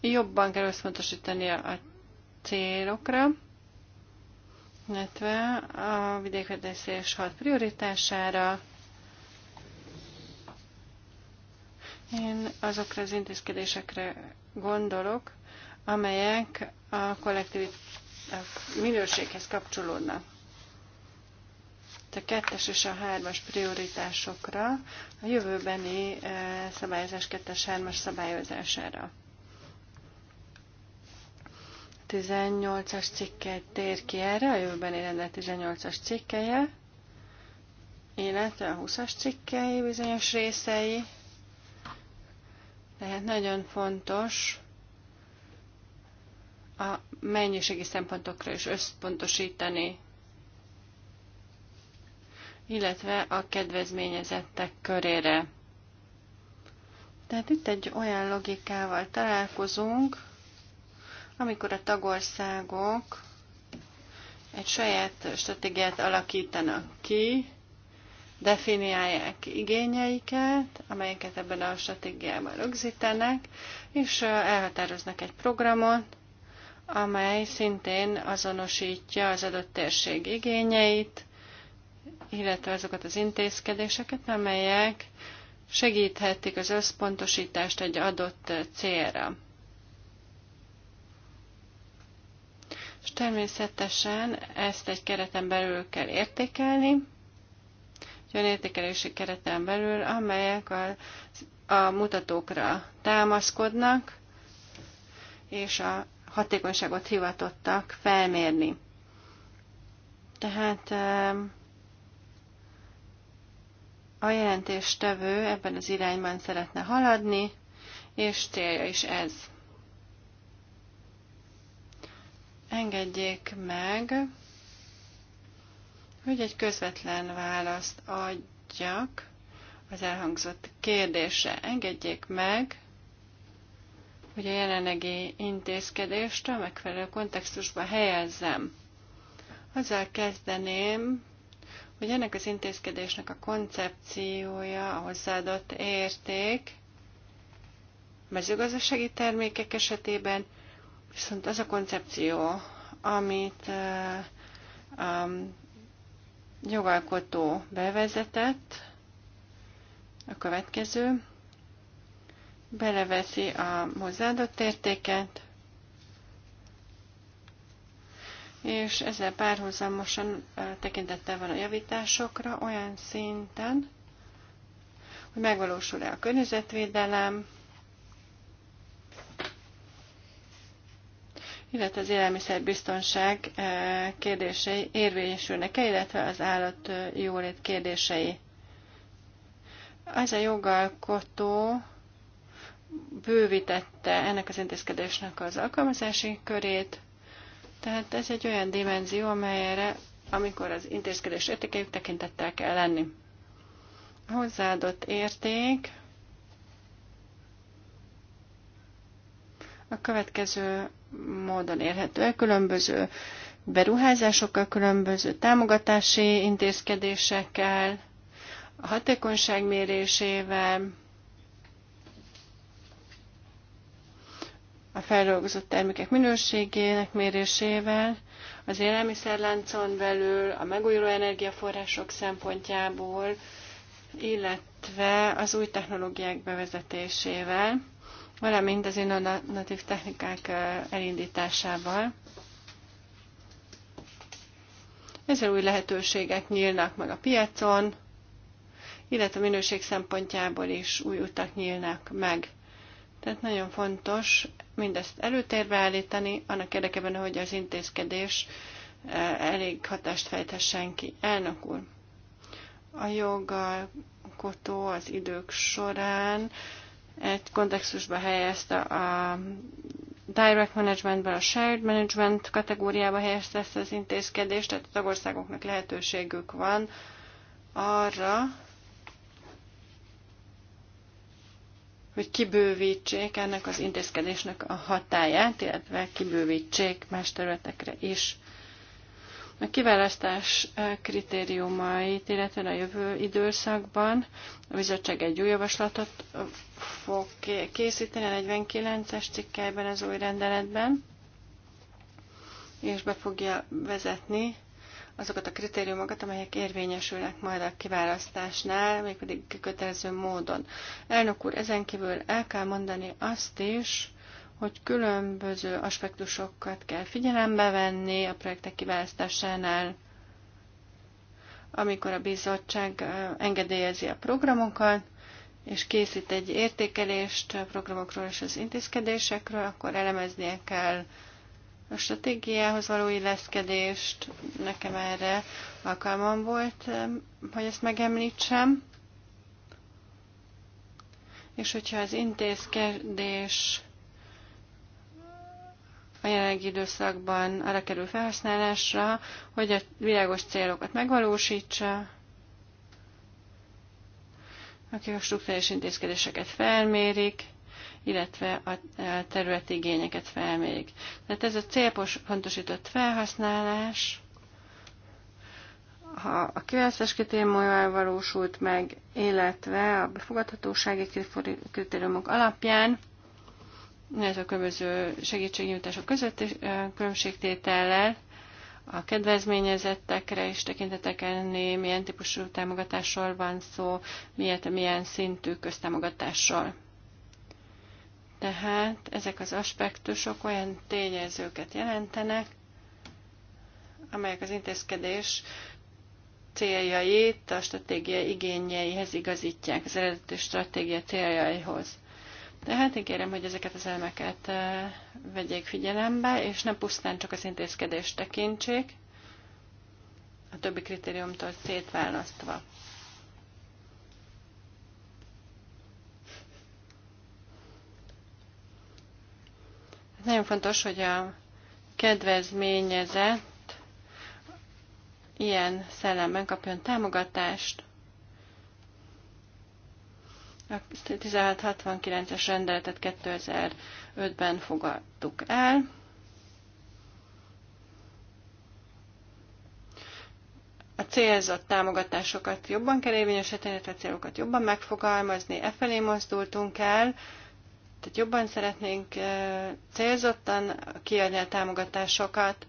jobban kell összpontosítani a célokra, illetve a vidékfejlesztés hat prioritására. Én azokra az intézkedésekre gondolok, amelyek a kollektivit minőséghez kapcsolódna. A kettes és a hármas prioritásokra, a jövőbeni eh, szabályozás kettes hármas szabályozására. 18-as cikke tér ki erre, a jövőbeni rendelet 18-as cikkeje, illetve a 20-as cikkei bizonyos részei. Tehát nagyon fontos, a mennyiségi szempontokra is összpontosítani, illetve a kedvezményezettek körére. Tehát itt egy olyan logikával találkozunk, amikor a tagországok egy saját stratégiát alakítanak ki, definiálják igényeiket, amelyeket ebben a stratégiában rögzítenek, és elhatároznak egy programot, amely szintén azonosítja az adott térség igényeit, illetve azokat az intézkedéseket, amelyek segíthetik az összpontosítást egy adott célra. És természetesen ezt egy kereten belül kell értékelni, olyan értékelési kereten belül, amelyek a, a mutatókra támaszkodnak, és a hatékonyságot hivatottak felmérni. Tehát a jelentéstevő ebben az irányban szeretne haladni, és célja is ez. Engedjék meg, hogy egy közvetlen választ adjak az elhangzott kérdésre. Engedjék meg, hogy a jelenlegi intézkedést a megfelelő kontextusba helyezzem. Azzal kezdeném, hogy ennek az intézkedésnek a koncepciója, a hozzáadott érték mezőgazdasági termékek esetében, viszont az a koncepció, amit a jogalkotó bevezetett, a következő, beleveszi a hozzáadott értéket, és ezzel párhuzamosan tekintettel van a javításokra olyan szinten, hogy megvalósul-e a környezetvédelem, illetve az élelmiszerbiztonság kérdései érvényesülnek-e, illetve az állat jólét kérdései. Az a jogalkotó, bővítette ennek az intézkedésnek az alkalmazási körét, tehát ez egy olyan dimenzió, amelyre, amikor az intézkedés értékeljük, tekintettel kell lenni. A hozzáadott érték a következő módon érhető el, különböző beruházásokkal, különböző támogatási intézkedésekkel, a hatékonyság mérésével, a feldolgozott termékek minőségének mérésével, az élelmiszerláncon belül, a megújuló energiaforrások szempontjából, illetve az új technológiák bevezetésével, valamint az innovatív technikák elindításával. Ezzel új lehetőségek nyílnak meg a piacon, illetve a minőség szempontjából is új utak nyílnak meg. Tehát nagyon fontos mindezt előtérbe állítani, annak érdekében, hogy az intézkedés e, elég hatást fejthessen ki. Elnök úr, a jogalkotó az idők során egy kontextusba helyezte a direct managementből a shared management kategóriába helyezte ezt az intézkedést, tehát a tagországoknak lehetőségük van arra, hogy kibővítsék ennek az intézkedésnek a hatáját, illetve kibővítsék más területekre is. A kiválasztás kritériumait, illetve a jövő időszakban a bizottság egy új javaslatot fog készíteni a 49-es cikkelyben az új rendeletben, és be fogja vezetni azokat a kritériumokat, amelyek érvényesülnek majd a kiválasztásnál, mégpedig kötelező módon. Elnök úr, ezen kívül el kell mondani azt is, hogy különböző aspektusokat kell figyelembe venni a projektek kiválasztásánál, amikor a bizottság engedélyezi a programokat, és készít egy értékelést a programokról és az intézkedésekről, akkor elemeznie kell a stratégiához való illeszkedést, nekem erre alkalmam volt, hogy ezt megemlítsem. És hogyha az intézkedés a jelenlegi időszakban arra kerül felhasználásra, hogy a világos célokat megvalósítsa, akik a struktúrális intézkedéseket felmérik, illetve a területi igényeket felmérik. Tehát ez a célpontosított felhasználás, ha a kiválasztás kritériumával valósult meg, illetve a befogadhatósági kritériumok alapján, ez a különböző segítségnyújtások közötti különbségtétellel, a kedvezményezettekre is tekintetek enni, milyen típusú támogatásról van szó, milyen, milyen szintű köztámogatásról. Tehát ezek az aspektusok olyan tényezőket jelentenek, amelyek az intézkedés céljait a stratégia igényeihez igazítják, az eredeti stratégia céljaihoz. Tehát ígérem, hogy ezeket az elemeket eh, vegyék figyelembe, és nem pusztán csak az intézkedést tekintsék, a többi kritériumtól szétválasztva. Nagyon fontos, hogy a kedvezményezett ilyen szellemben kapjon támogatást. A 1669-es rendeletet 2005-ben fogadtuk el. A célzott támogatásokat jobban kell érvényesíteni, a célokat jobban megfogalmazni, e felé mozdultunk el tehát jobban szeretnénk célzottan kiadni a támogatásokat,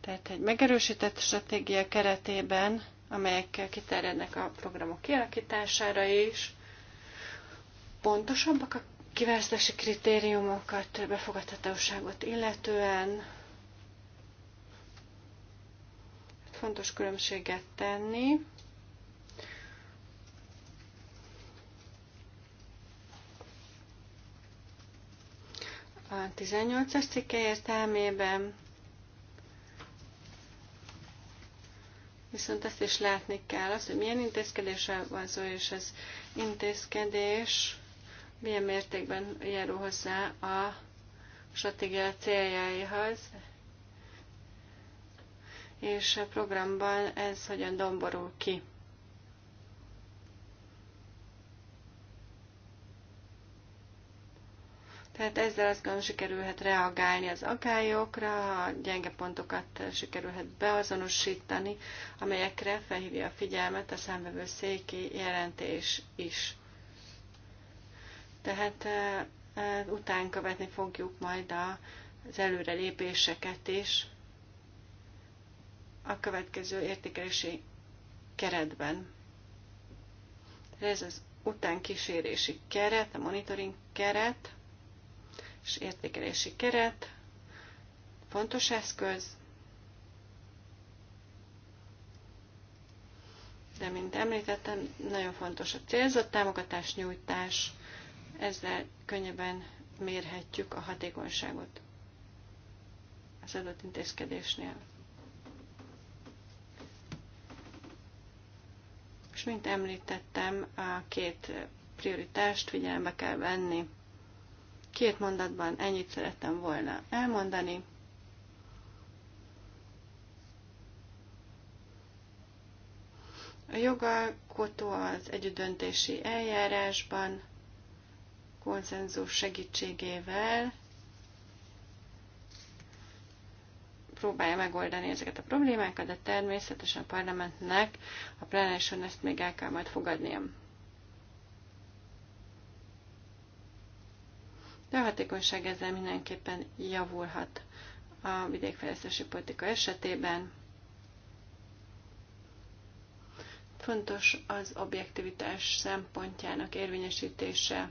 tehát egy megerősített stratégia keretében, amelyek kiterjednek a programok kialakítására is, pontosabbak a kiválasztási kritériumokat, befogadhatóságot illetően, fontos különbséget tenni a 18-as cikke értelmében, viszont ezt is látni kell, Az, hogy milyen intézkedésre van szó, és az intézkedés milyen mértékben járul hozzá a stratégia céljaihoz, és a programban ez hogyan domborul ki. Tehát ezzel azt gondolom sikerülhet reagálni az akályokra a gyenge pontokat sikerülhet beazonosítani, amelyekre felhívja a figyelmet a számvevő széki jelentés is. Tehát eh, eh, után követni fogjuk majd az előrelépéseket is a következő értékelési keretben. Ez az után kísérési keret, a monitoring keret, és értékelési keret, fontos eszköz, de mint említettem, nagyon fontos a célzott támogatás nyújtás, ezzel könnyebben mérhetjük a hatékonyságot az adott intézkedésnél. És mint említettem, a két prioritást figyelembe kell venni. Két mondatban ennyit szerettem volna elmondani. A jogalkotó az együttdöntési eljárásban konszenzus segítségével próbálja megoldani ezeket a problémákat, de természetesen a parlamentnek a plenárison ezt még el kell majd fogadnia. de a hatékonyság ezzel mindenképpen javulhat a vidékfejlesztési politika esetében. Fontos az objektivitás szempontjának érvényesítése.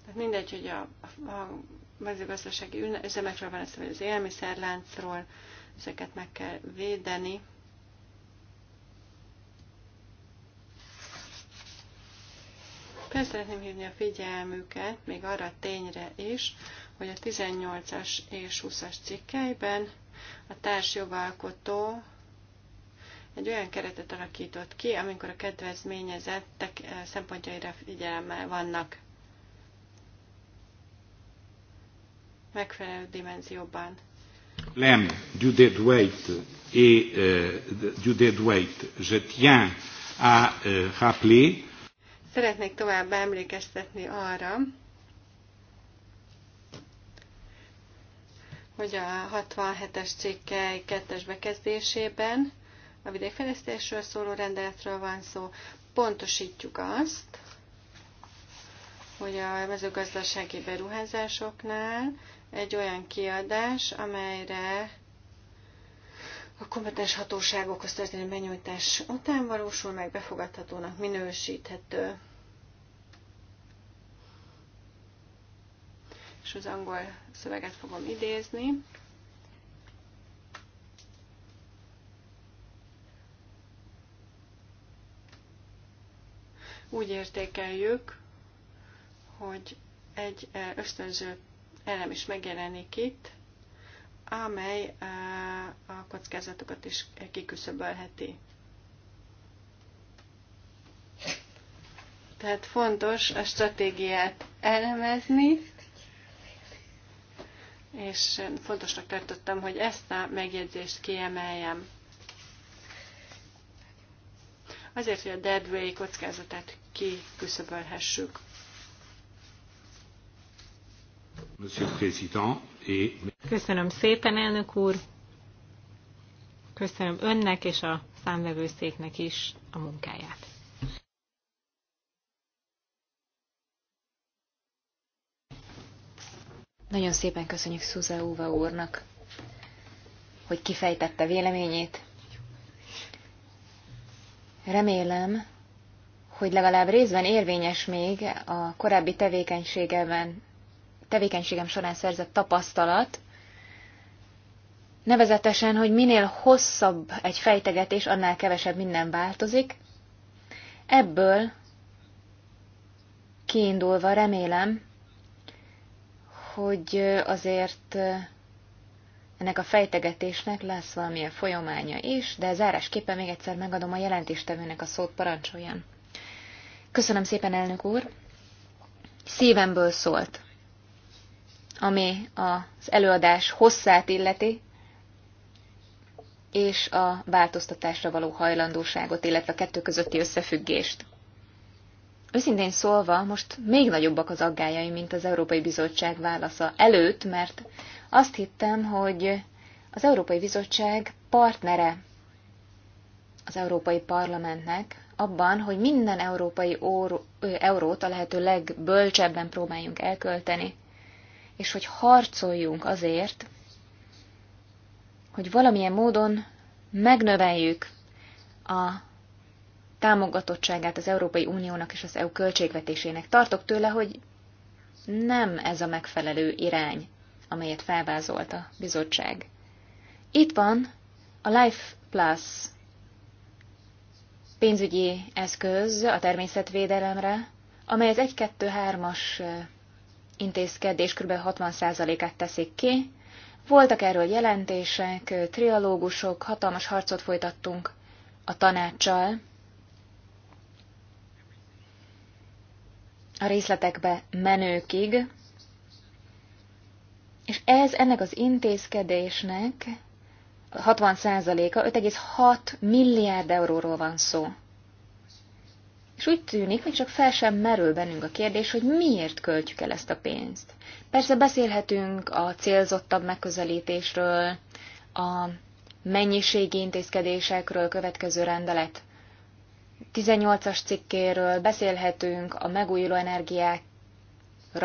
Tehát mindegy, hogy a, a mezőgazdasági üzemekről van ez, vagy az élmiszerláncról, ezeket meg kell védeni. Fel szeretném hívni a figyelmüket még arra a tényre is, hogy a 18-as és 20-as cikkeiben a társjogalkotó egy olyan keretet alakított ki, amikor a kedvezményezettek eh, szempontjaira figyelemmel vannak megfelelő dimenzióban. Lem, du dead weight et euh, du dead weight, je tiens à euh, rappeler Szeretnék tovább emlékeztetni arra, hogy a 67-es cikkely 2-es bekezdésében a vidékfejlesztésről szóló rendeletről van szó, pontosítjuk azt, hogy a mezőgazdasági beruházásoknál egy olyan kiadás, amelyre a kompetens hatóságokhoz történő benyújtás után valósul meg, befogadhatónak minősíthető. És az angol szöveget fogom idézni. Úgy értékeljük, hogy egy ösztönző elem is megjelenik itt, amely eh, a kockázatokat is kiküszöbölheti. Tehát fontos a stratégiát elemezni, és fontosnak tartottam, hogy ezt a megjegyzést kiemeljem. Azért, hogy a deadway kockázatát kiküszöbölhessük. Monsieur le Président, Köszönöm szépen, elnök úr. Köszönöm önnek és a számvevőszéknek is a munkáját. Nagyon szépen köszönjük Szuza Uva úrnak, hogy kifejtette véleményét. Remélem, hogy legalább részben érvényes még a korábbi tevékenységeben tevékenységem során szerzett tapasztalat, nevezetesen, hogy minél hosszabb egy fejtegetés, annál kevesebb minden változik. Ebből kiindulva remélem, hogy azért ennek a fejtegetésnek lesz valamilyen folyamánya is, de zárásképpen még egyszer megadom a jelentéstevőnek a szót, parancsoljon. Köszönöm szépen, elnök úr! Szívemből szólt ami az előadás hosszát illeti, és a változtatásra való hajlandóságot, illetve a kettő közötti összefüggést. Őszintén szólva, most még nagyobbak az aggájaim, mint az Európai Bizottság válasza előtt, mert azt hittem, hogy az Európai Bizottság partnere az Európai Parlamentnek abban, hogy minden európai eurót a lehető legbölcsebben próbáljunk elkölteni és hogy harcoljunk azért, hogy valamilyen módon megnöveljük a támogatottságát az Európai Uniónak és az EU költségvetésének. Tartok tőle, hogy nem ez a megfelelő irány, amelyet felvázolt a bizottság. Itt van a Life Plus pénzügyi eszköz a természetvédelemre, amely az 1-2-3-as intézkedés kb. 60%-át teszik ki. Voltak erről jelentések, trialógusok, hatalmas harcot folytattunk a tanácssal. A részletekbe menőkig. És ez ennek az intézkedésnek 60%-a, 5,6 milliárd euróról van szó. És úgy tűnik, még csak fel sem merül bennünk a kérdés, hogy miért költjük el ezt a pénzt. Persze beszélhetünk a célzottabb megközelítésről, a mennyiségi intézkedésekről következő rendelet 18-as cikkéről, beszélhetünk a megújuló energiákra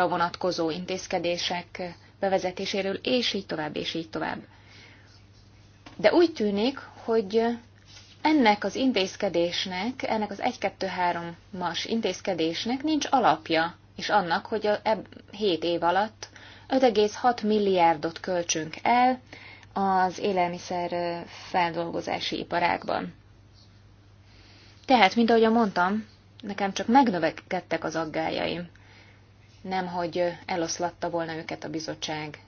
vonatkozó intézkedések bevezetéséről, és így tovább, és így tovább. De úgy tűnik, hogy ennek az intézkedésnek, ennek az 1-2-3 as intézkedésnek nincs alapja, és annak, hogy a 7 év alatt 5,6 milliárdot költsünk el az élelmiszer feldolgozási iparákban. Tehát, mint ahogy mondtam, nekem csak megnövekedtek az aggájaim, nem hogy eloszlatta volna őket a bizottság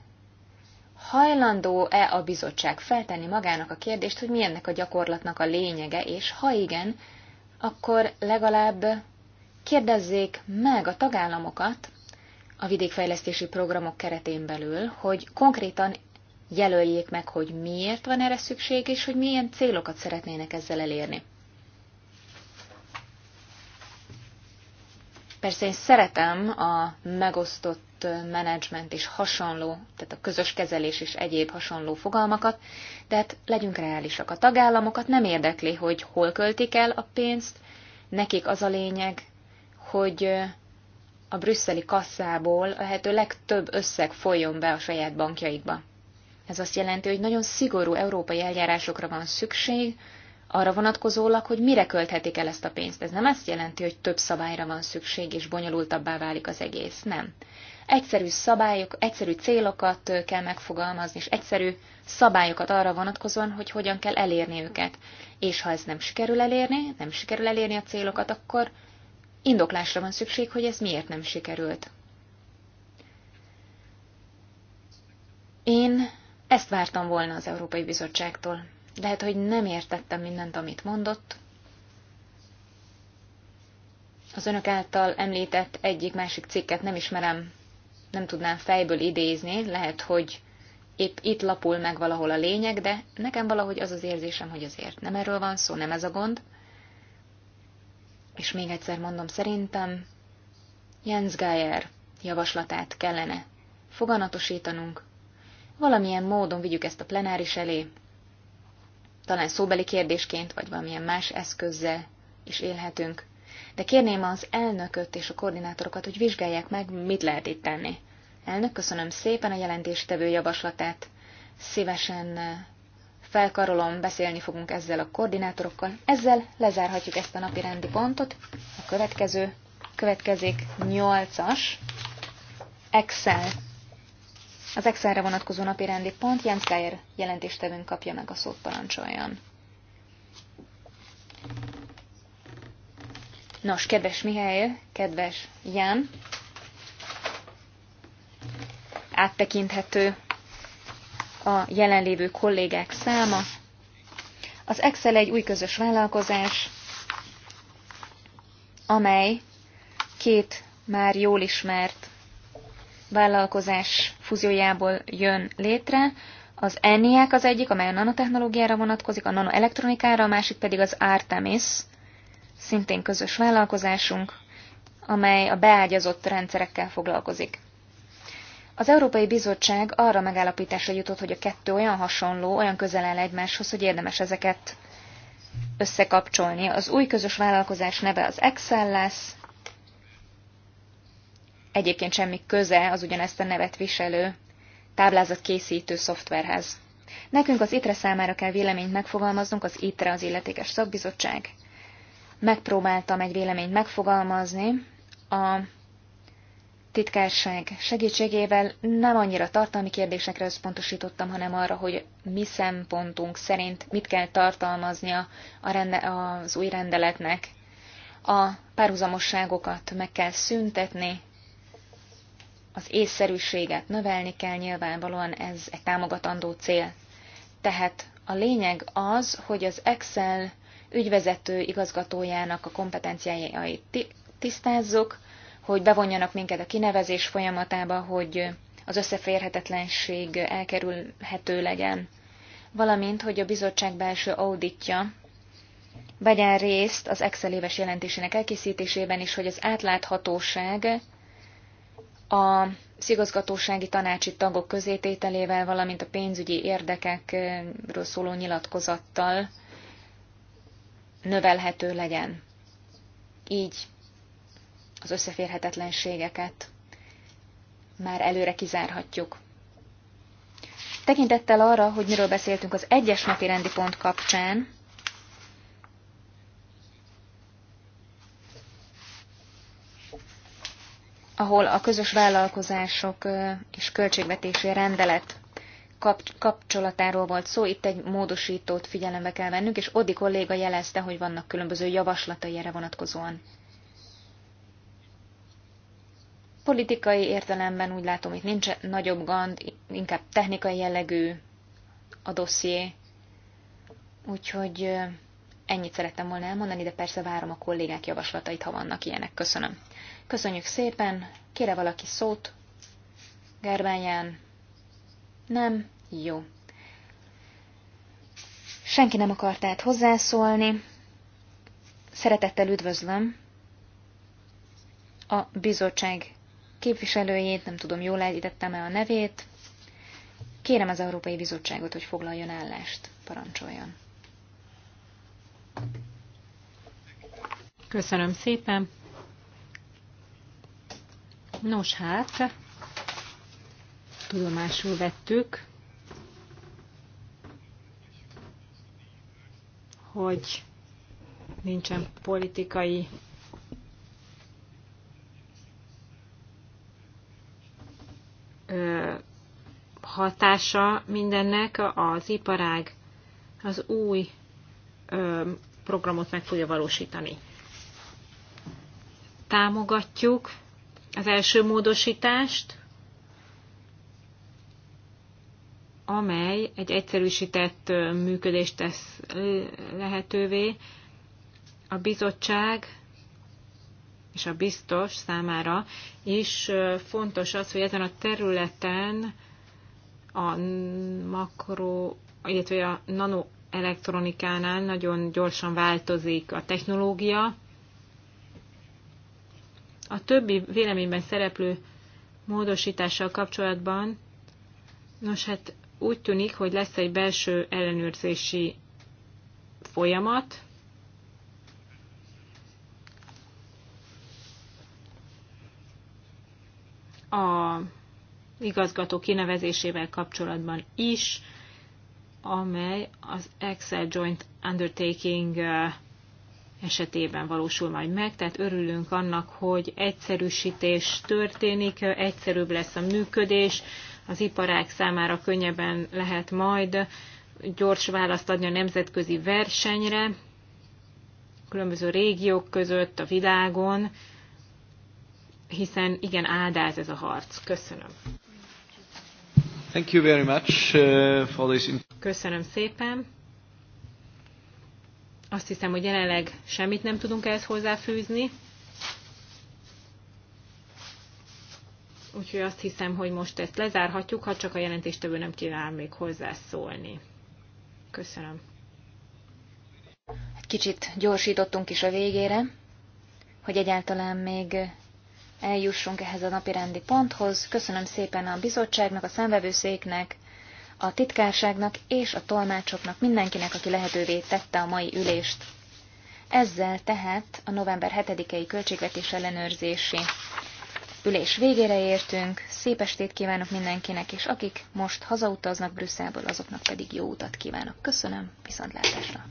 hajlandó-e a bizottság feltenni magának a kérdést, hogy mi ennek a gyakorlatnak a lényege, és ha igen, akkor legalább kérdezzék meg a tagállamokat a vidékfejlesztési programok keretén belül, hogy konkrétan jelöljék meg, hogy miért van erre szükség, és hogy milyen célokat szeretnének ezzel elérni. Persze én szeretem a megosztott adott menedzsment és hasonló, tehát a közös kezelés és egyéb hasonló fogalmakat, hát legyünk reálisak. A tagállamokat nem érdekli, hogy hol költik el a pénzt, nekik az a lényeg, hogy a brüsszeli kasszából a lehető legtöbb összeg folyjon be a saját bankjaikba. Ez azt jelenti, hogy nagyon szigorú európai eljárásokra van szükség, arra vonatkozólag, hogy mire költhetik el ezt a pénzt. Ez nem azt jelenti, hogy több szabályra van szükség, és bonyolultabbá válik az egész. Nem. Egyszerű szabályok, egyszerű célokat kell megfogalmazni, és egyszerű szabályokat arra vonatkozóan, hogy hogyan kell elérni őket. És ha ez nem sikerül elérni, nem sikerül elérni a célokat, akkor indoklásra van szükség, hogy ez miért nem sikerült. Én ezt vártam volna az Európai Bizottságtól. Lehet, hogy nem értettem mindent, amit mondott. Az önök által említett egyik-másik cikket nem ismerem nem tudnám fejből idézni, lehet, hogy épp itt lapul meg valahol a lényeg, de nekem valahogy az az érzésem, hogy azért nem erről van szó, nem ez a gond. És még egyszer mondom, szerintem Jens Geyer javaslatát kellene foganatosítanunk. Valamilyen módon vigyük ezt a plenáris elé, talán szóbeli kérdésként, vagy valamilyen más eszközzel is élhetünk de kérném az elnököt és a koordinátorokat, hogy vizsgálják meg, mit lehet itt tenni. Elnök, köszönöm szépen a jelentéstevő javaslatát. Szívesen eh, felkarolom, beszélni fogunk ezzel a koordinátorokkal. Ezzel lezárhatjuk ezt a napi rendi pontot. A következő következik 8-as Excel. Az Excelre vonatkozó napi rendi pont Jens jelentéstevőn kapja meg a szót parancsoljon. Nos, kedves Mihály, kedves Ján, áttekinthető a jelenlévő kollégák száma. Az Excel egy új közös vállalkozás, amely két már jól ismert vállalkozás fúziójából jön létre. Az ENIAC az egyik, amely a nanotechnológiára vonatkozik, a nanoelektronikára, a másik pedig az Artemis, szintén közös vállalkozásunk, amely a beágyazott rendszerekkel foglalkozik. Az Európai Bizottság arra megállapításra jutott, hogy a kettő olyan hasonló, olyan közel áll egymáshoz, hogy érdemes ezeket összekapcsolni. Az új közös vállalkozás neve az Excel lesz, egyébként semmi köze az ugyanezt a nevet viselő táblázatkészítő szoftverhez. Nekünk az ITRE számára kell véleményt megfogalmaznunk, az ITRE az illetékes szakbizottság, megpróbáltam egy véleményt megfogalmazni a titkárság segítségével. Nem annyira tartalmi kérdésekre összpontosítottam, hanem arra, hogy mi szempontunk szerint mit kell tartalmaznia a rende, az új rendeletnek. A párhuzamosságokat meg kell szüntetni, az észszerűséget növelni kell, nyilvánvalóan ez egy támogatandó cél. Tehát a lényeg az, hogy az Excel ügyvezető igazgatójának a kompetenciájait tisztázzuk, hogy bevonjanak minket a kinevezés folyamatába, hogy az összeférhetetlenség elkerülhető legyen, valamint, hogy a bizottság belső auditja vegyen részt az Excel éves jelentésének elkészítésében is, hogy az átláthatóság a szigazgatósági tanácsi tagok közétételével, valamint a pénzügyi érdekekről szóló nyilatkozattal növelhető legyen. Így az összeférhetetlenségeket már előre kizárhatjuk. Tekintettel arra, hogy miről beszéltünk az egyes napi rendi pont kapcsán, ahol a közös vállalkozások és költségvetési rendelet kapcsolatáról volt szó, itt egy módosítót figyelembe kell vennünk, és Odi kolléga jelezte, hogy vannak különböző javaslatai erre vonatkozóan. Politikai értelemben úgy látom, itt nincs nagyobb gond, inkább technikai jellegű a dosszié, úgyhogy ennyit szerettem volna elmondani, de persze várom a kollégák javaslatait, ha vannak ilyenek. Köszönöm. Köszönjük szépen, kére valaki szót, Gerbányán, nem? Jó. Senki nem akart tehát hozzászólni. Szeretettel üdvözlöm a bizottság képviselőjét, nem tudom, jól elítettem e a nevét. Kérem az Európai Bizottságot, hogy foglaljon állást, parancsoljon. Köszönöm szépen. Nos hát, tudomásul vettük, hogy nincsen politikai hatása mindennek az iparág az új programot meg fogja valósítani. Támogatjuk az első módosítást, amely egy egyszerűsített működést tesz lehetővé a bizottság és a biztos számára is fontos az, hogy ezen a területen a makro, illetve a nanoelektronikánál nagyon gyorsan változik a technológia. A többi véleményben szereplő módosítással kapcsolatban, nos hát úgy tűnik, hogy lesz egy belső ellenőrzési folyamat, a igazgató kinevezésével kapcsolatban is, amely az Excel Joint Undertaking esetében valósul majd meg, tehát örülünk annak, hogy egyszerűsítés történik, egyszerűbb lesz a működés, az iparág számára könnyebben lehet majd gyors választ adni a nemzetközi versenyre, különböző régiók között, a világon, hiszen igen, áldáz ez a harc. Köszönöm. Thank you very much uh, for this Köszönöm szépen. Azt hiszem, hogy jelenleg semmit nem tudunk ehhez hozzáfűzni. Úgyhogy azt hiszem, hogy most ezt lezárhatjuk, ha csak a jelentéstevő nem kíván még hozzászólni. Köszönöm. Kicsit gyorsítottunk is a végére, hogy egyáltalán még eljussunk ehhez a napirendi ponthoz. Köszönöm szépen a bizottságnak, a szemvevőszéknek, a titkárságnak és a tolmácsoknak, mindenkinek, aki lehetővé tette a mai ülést. Ezzel tehát a november 7-i költségvetés ellenőrzési ülés végére értünk, szép estét kívánok mindenkinek, és akik most hazautaznak Brüsszelből, azoknak pedig jó utat kívánok. Köszönöm, viszontlátásra!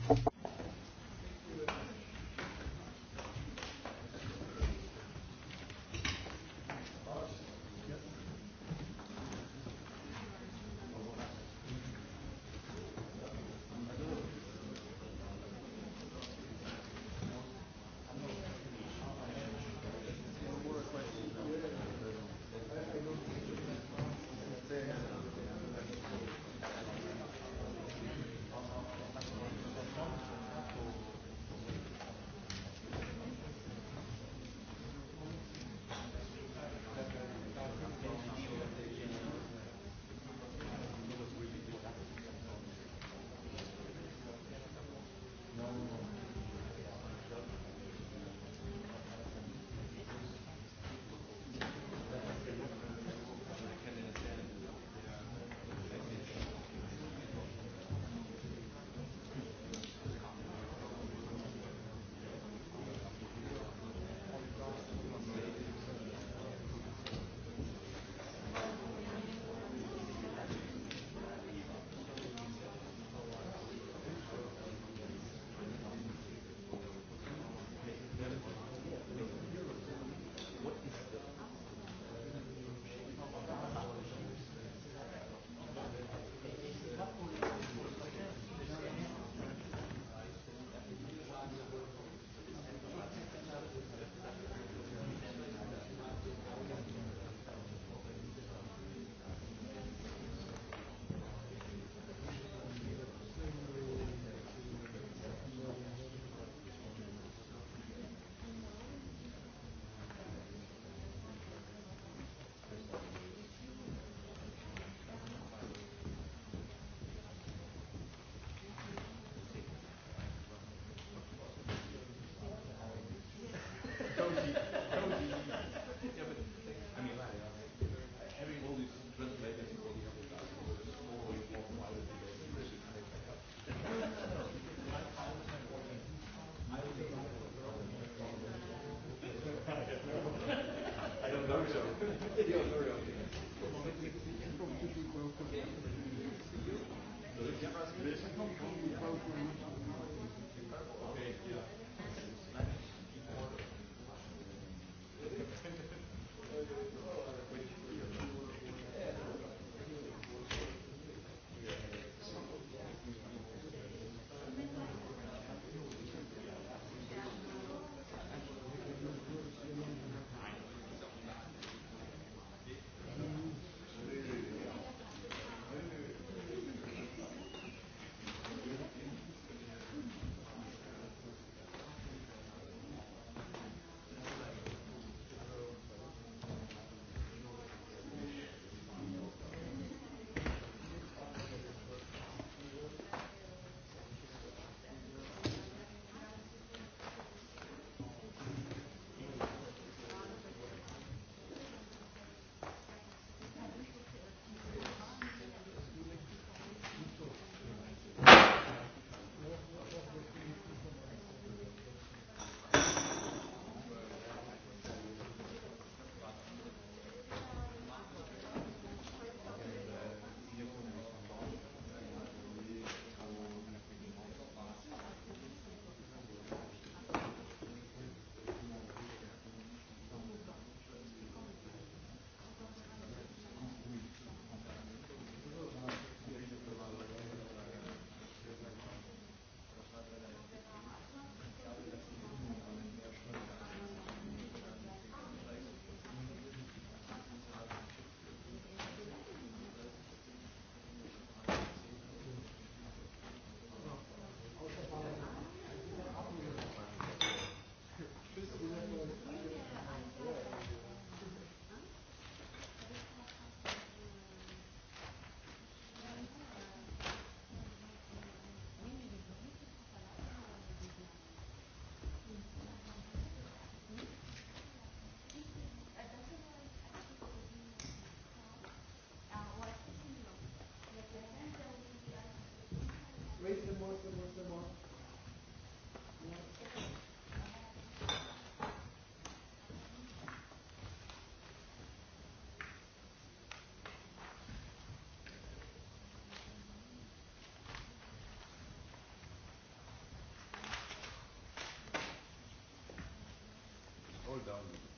down.